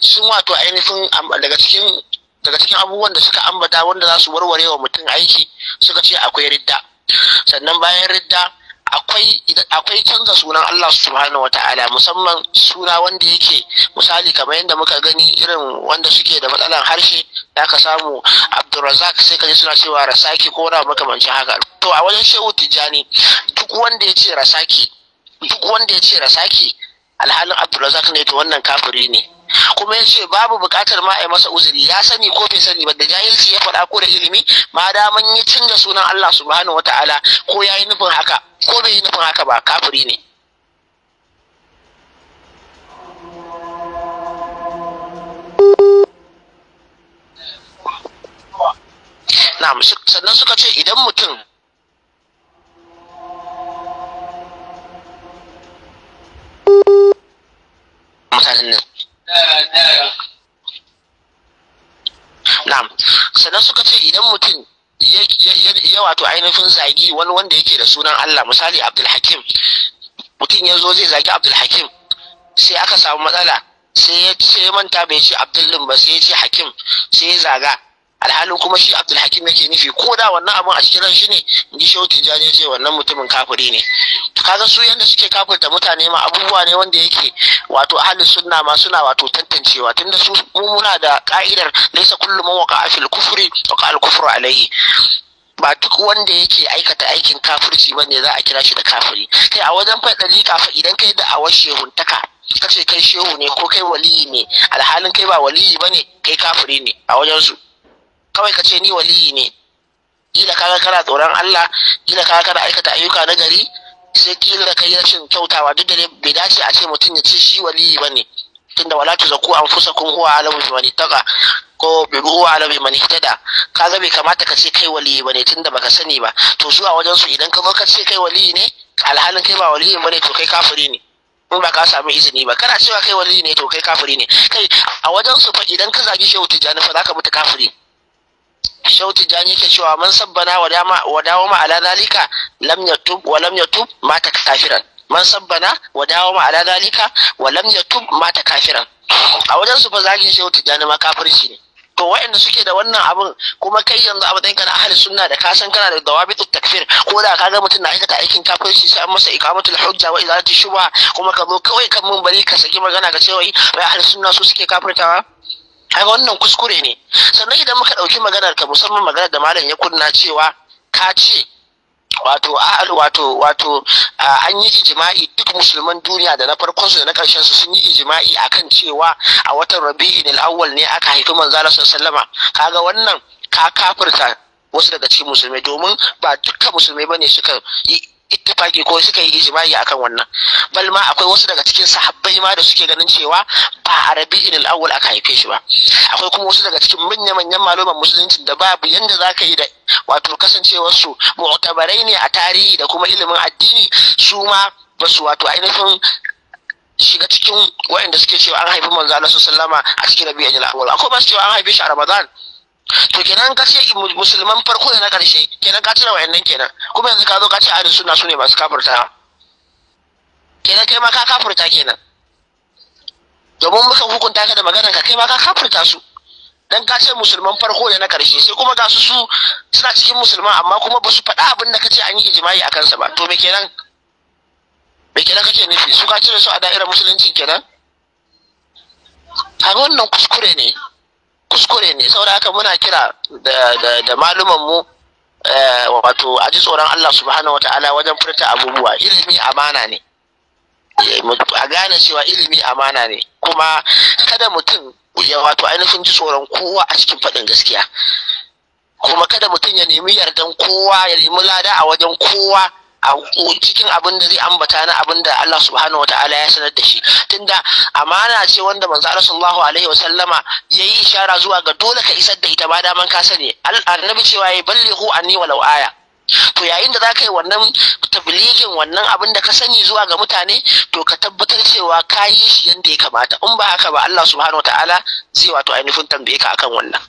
sun wato ainihin daga cikin daga cikin abubuwan da suka ambata wanda za su warware wa mutum aiki suka ce akwai ridda sannan bayan ridda akwai canza sunan Allah subhanahu ta'ala musamman suna wanda yake misali kamar yadda muka gani irin wanda suke da matsalan harshe ka samu Abdulrazak sai kaje suna cewa Rasaki ko na makamancin haka to a wajen Shehu Tijjani duk wanda ya ce Rasaki duk alhalin Abdulrazak ne to wannan kafiri ne kuma ya ce babu buƙatar ma ai masa uzuri ya sani ko bai sani ba da jahilci ya faɗa ko da ilimi ma daman ya canza sunan Allah subhanahu wataala ko ya yi nufin haka ko bai yi nufin haka ba kafiri ne na'am sannan suka ce idan mutum mutanen nan na'am sannan suka ce idan mutum ya wato ainihin zagi wani wanda yake da sunan Allah misali Abdulhakim mutum ya zo zai zagi Abdulhakim sai aka samu matsala sai ya manta bai ce Abdullin ba sai ya ce Hakim sai ya zaga alhalin kuma shi abdul hakim yake nufi ko da wannan abun a cikin ran shi ne ji shehu tijjani ce wannan mutumin kafiri ne kaga su yanda suke kafirta mutane ma abubuwa ne wanda yake wato ahli sunna ma suna wato tantancewa tunda su mu muna da ka'idar laisa kullu man waqa'a fil kufri qala al kufru alaihi ba duk wanda yake aikata aikin kafirci ba za a kira shi da kafiri kai a wajen faɗa kafa idan kai da awar shehuntaka kace kai shehu ne ko kai waliyi ne alhalin kai ba waliyi ba ne kai kafiri ne a wajen su kawai ka ce ni waliyi ne kila kaga kana tsoron Allah kila kaga kana aikata ayyuka na gari sai kila kai rashin kyautawa duk da bai dace a ce mutum ya ce shi waliyi bane tunda wala tuzaku anfusakum huwa alamu bi mani ittaqa ko bi huwa alamu bi man ihtada kaga bai kamata ka ce kai waliyi bane tunda baka sani ba to zuwa wajen su idan ka zo ka ce kai waliyi ne alhalin kai ba waliyi bane to kai kafiri ne in ba ka samu izini ba kana cewa kai waliyi ne to kai kafiri ne kai a wajen su fa idan ka zagi shehu tijani fa zaka mutu kafiri shauti jani yake cewa mun sabbana wa dawo ma ala zalika lam yatub wa lam yatub mata kafiran man sabbana wa dawo ma ala zalika wa lam yatub mata kafiran a wajen su fa zagin shauti jani ma kafirci ne to waɗanda suke da wannan abin kuma kai yanzu a matsayin na ahli sunna da ka san kana da dawabitut takfir ko da kaga ga mutum na aikata aikin kafirci sai an masa iqamatul hujja wa izalatu shubha kuma ka zo kawai kan mun bari ka saki magana ka ce wai ahli sunna su suke kafirtawa kaga wannan kuskure ne sannan idan muka ɗauki maganar ka musamman maganar da malam ya kunna cewa ka ce wato wato wato an yi ijima'i duk musulman duniya da na farkon su da na karshen su sun yi ijima'i akan cewa a watan rabi'i al-awwal ne aka haifi manzo Allah sallama kaga wannan ka kafirta wasu daga cikin musulmai domin ba dukkan musulmai bane suka yi ittifaki ko suka yi ijima'i akan wannan bal ma akwai wasu daga cikin sahabbai ma da suke ganin cewa ba a rabi'in in al'awul aka haife shi ba akwai kuma wasu daga cikin manya-manyan malaman musulunci da babu yanda za ka yi da wato kasancewar su mu'tabarai ne a tarihi da kuma ilimin addini su ma ba su wato ainihin shiga cikin waɗanda suke cewa an haifi manzo Allah wasallama a cikin rabi'ul awwal akwai ba su cewa an haife shi a Ramadan to kenan ka ce musulman farko da na karshe kenan ka cire wayannan kenan kuma yanzu ka zo ka ce suna su ne masu kafurta kenan kai ma ka kafurta kenan domin muka hukunta ka da maganar ka kai ma ka kafurta su dan ka ce musulman farko da na karshe sai kuma ga su su suna cikin musulman amma kuma ba su faɗa abin da kace an yi ijimai a kansa ba to me kenan me kenan kake nufi su ka cire su a da'irar musulunci kenan a wannan kuskure ne kuskure ne saboda haka muna kira da maluman mu eh, wato a ji tsoron Allah subhanahu wataala wajen furta abubuwa ilimi amana ne eh, a gane cewa ilimi amana ne kuma kada mutum ya wato ainihin ji tsoron kowa a cikin faɗin gaskiya kuma kada mutum ya nemi yardan kowa ya nemi lada a wajen kowa a cikin abin da zai ambata na abin da Allah subhanahu wa ta'ala ya sanar da shi tunda amana ce wanda manzo Allah sallallahu alaihi wa sallama yayi ishara zuwa ga dole ka isar da ita ba daman ka sani annabi cewa ya ballighu anni walau aya to yayin da zaka yi wannan tabligin wannan abin da ka sani zuwa ga mutane to ka tabbatar cewa ka yi shi yadda ya kamata in ba haka ba Allah subhanahu wa ta'ala zai wato ainihin tambaye ka akan wannan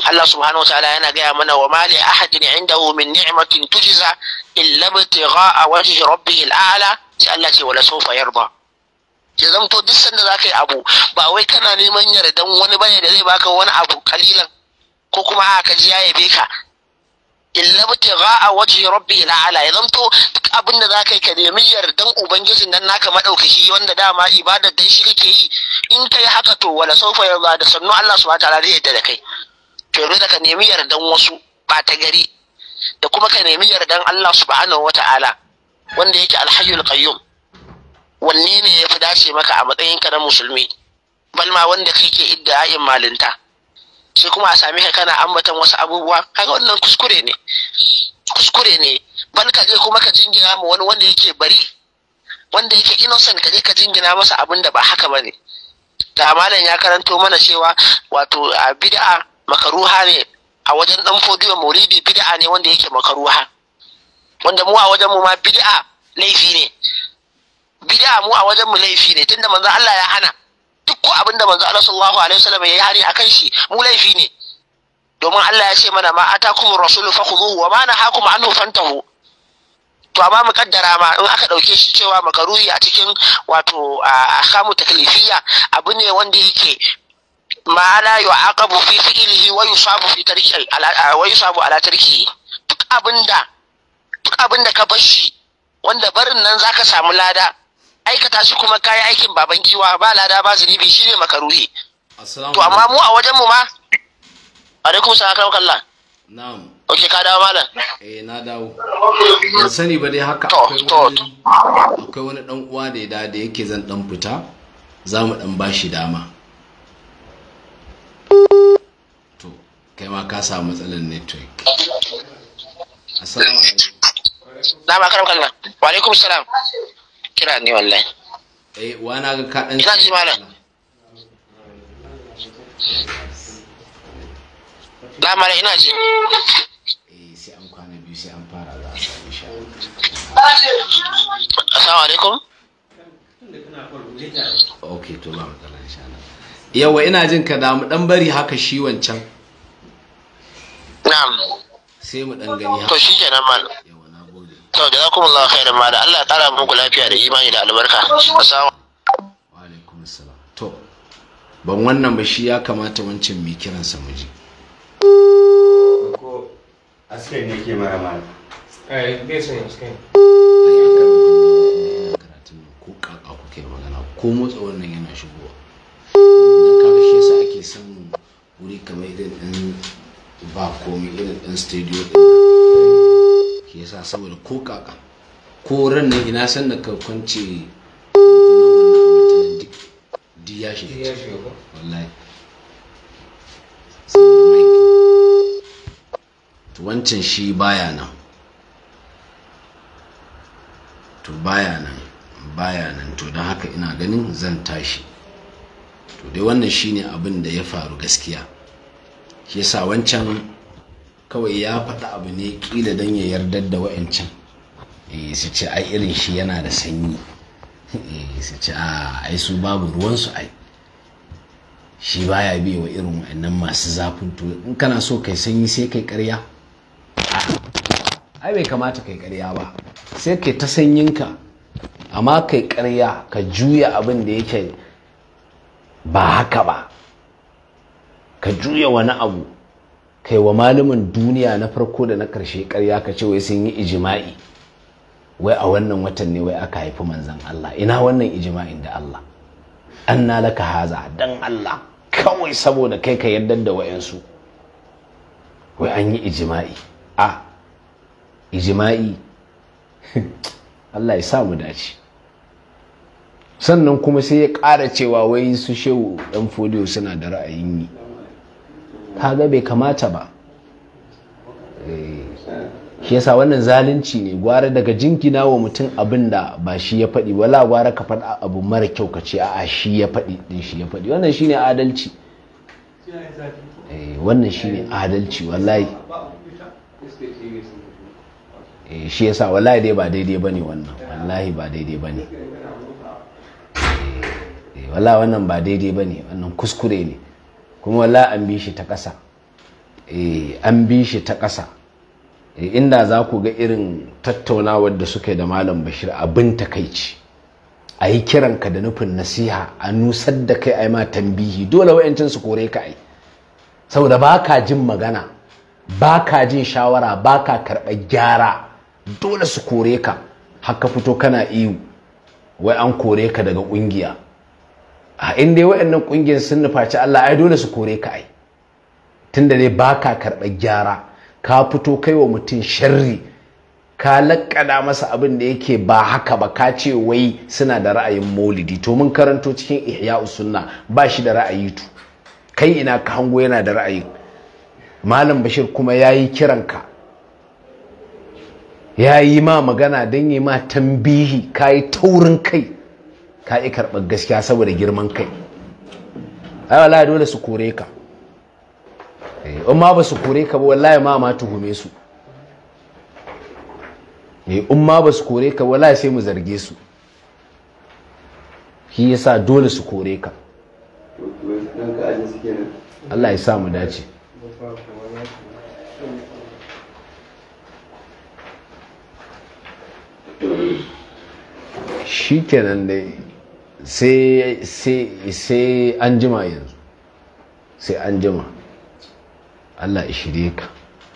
Allah subhanahu wa ta'ala yana gaya mana wa mali ahadin indahu min ni'matin tujza illa btigha'a wajhi rabbih al'ala sai Allah ce wala sawfa yarda ya zamto duk sanda zaka yi abu ba wai kana neman yardan wani bane da zai baka wani abu kalilan ko kuma a ka ji ya yabe ka illa btigha'a wajhi rabbih al'ala ya zamto duk abin da zaka yi ka nemi yardan ubangijin nan naka madaukaki wanda dama ibadar dan shi kake yi in kai haka to wala sawfa yarda da sannu Allah subhanahu wa ta'ala zai yarda da kai to yanzu ka nemi yardan wasu ta gari da kuma ka nemi yardan Allah subhanahu wata'ala wanda yake alhayyul qayyum wanne ne ya fi dace maka a matsayinka na musulmi balma wanda kake iddayin malinta sai kuma a same ka kana ambatan wasu abubuwa kaga wannan kuskure ne kuskure ne bal ka je kuma ka jingina mu wani wanda yake bari wanda yake innocent ka je ka jingina masa abin da ba haka bane da malam ya karanto mana cewa wato a bid'a makaruha ne a wajen dan fodiyo maulidi bid'a ne wanda yake makaruha wanda mu a wajen mu ma bid'a laifi ne bid'a mu a wajen mu laifi ne tunda manzo Allah ya hana duk ko abin da manzo Allah sallallahu alaihi wasallam ya yi hari akan shi mu laifi ne domin Allah ya ce mana ma atakum rasulu fakhuduhu wa ma nahakum anhu fantahu to amma mu kaddara ma in aka dauke shi cewa makaruhi a cikin wato ahkamu taklifiyya abu ne wanda yake ma la yu'aqabu fi fi'lihi wa yusabu fi tarki wa yusabu ala tarki duk abinda duk abinda ka bashi, wanda barin nan zaka samu lada aikata shi kuma kai aikin baban giwa ba lada ba zunubi shi ne makaruhi to amma mu a wajen mu ma alaikum salam kallah na'am Ok, ka dawo malam.
Eh, na dawo. Ban sani ba dai haka akwai wani dan uwa da ya da yake zan dan fita. Za mu dan bashi dama. to kai ma ka samu matsalar network
assalamu alaikum na ba karam kallon wa alaikum salam kira ni wallahi
eh wa na ga ka dan ina
ji malam na mara ina ji eh sai an kwana biyu sai
an fara za a samu insha Allah assalamu alaikum
okay to malam yawa ina jin ka damu dan bari haka shi wancan na'am sai mu dan gani to
shi kenan mal yawa na gode to jazakumullahu khairan da Allah ya kara muku lafiya da imani da albarka assalamu wa
alaikum assalam to ban wannan ba shi ya kamata wancan mai kiran sa muji
ko askai ne ke mara mal eh bai son askai
ko motsa wannan yana shigo don kaga shi yasa ake son wuri kamar irin ɗan ba komai irin ɗan studio ɗin shi yasa saboda ko kaka ko ran nan ina san da ka kwance duk ya shiga wallahi wancan shi baya nan to baya nan baya nan to don haka ina ganin zan tashi to dai wannan shine abin da ya faru gaskiya shi yasa wancan kawai ya faɗi abu ne ƙila don ya yarda da wa'ancan eh, su ce ai irin shi yana da sanyi eh, su ce a ah, ai su babu ruwansu ai shi baya bi wa irin wa'annan masu zafin to in kana so kai sanyi sai kai karya ai bai kamata kai karya ba sai kai ta sanyinka amma kai karya ka juya abin da yake ba haka ba ka juya wani abu kai wa malamin duniya na farko da na karshe karya ka ce wai sun yi ijima'i wai a wannan watan ne wai aka haifi manzan Allah ina wannan ijima'in da Allah an na laka haza
dan Allah
kawai saboda kai ka yarda da wayansu wai an yi ijima'i a ijima'i (laughs) Allah ya sa mu dace sannan kuma sai ya ƙara cewa wai su shehu ɗan fodiyo suna da ra'ayin yi kaga bai kamata ba eh, shi yasa wannan zalunci ne gwara daga jinkina wa mutum abin da ba shi ya faɗi wala gwara ka faɗa abu mara kyau ka ce a shi ya faɗi din shi ya faɗi wannan shine adalci eh, wannan shine adalci wallahi eh, shi yasa wallahi dai ba daidai bane wannan wallahi ba daidai bane wala wannan ba daidai ba ne wannan kuskure ne kuma wala an bi shi ta ƙasa eh, an bi shi ta ƙasa eh, inda za ku ga irin tattaunawar da suke da malam bashir abin takaici a yi ka da nufin nasiha a nusar da kai a yi ma tambihi dole wa'yancin su kore ka ai saboda ba ka jin magana ba ka jin shawara ba ka karɓar gyara dole su kore ka haka fito kana iyu wai an kore ka daga ƙungiya a inda waɗannan ƙungiyar sun nufaci Allah ai dole su kore ka ai tunda ne baka karɓa gyara ka fito kai wa mutum sharri ka lakkada masa abin da yake ba haka ba ka ce wai suna da ra'ayin maulidi to mun karanto cikin ihya usunna, ba shi da ra'ayi tu kai ina ka hango yana da ra'ayi malam bashir kuma yayi kiranka yayi ma magana don yi ma tambihi kayi taurin kai ka yi karɓar gaskiya saboda girman kai ai wallahi dole su kore ka eh, in ma ba su kore ka ba wallahi ma ma tuhume su eh, in ma ba su kore ka wallahi sai mu zarge su shi yasa dole su kore ka Allah ya sa mu dace shi kenan dai sai an jima yanzu sai an jima allah ishirika ka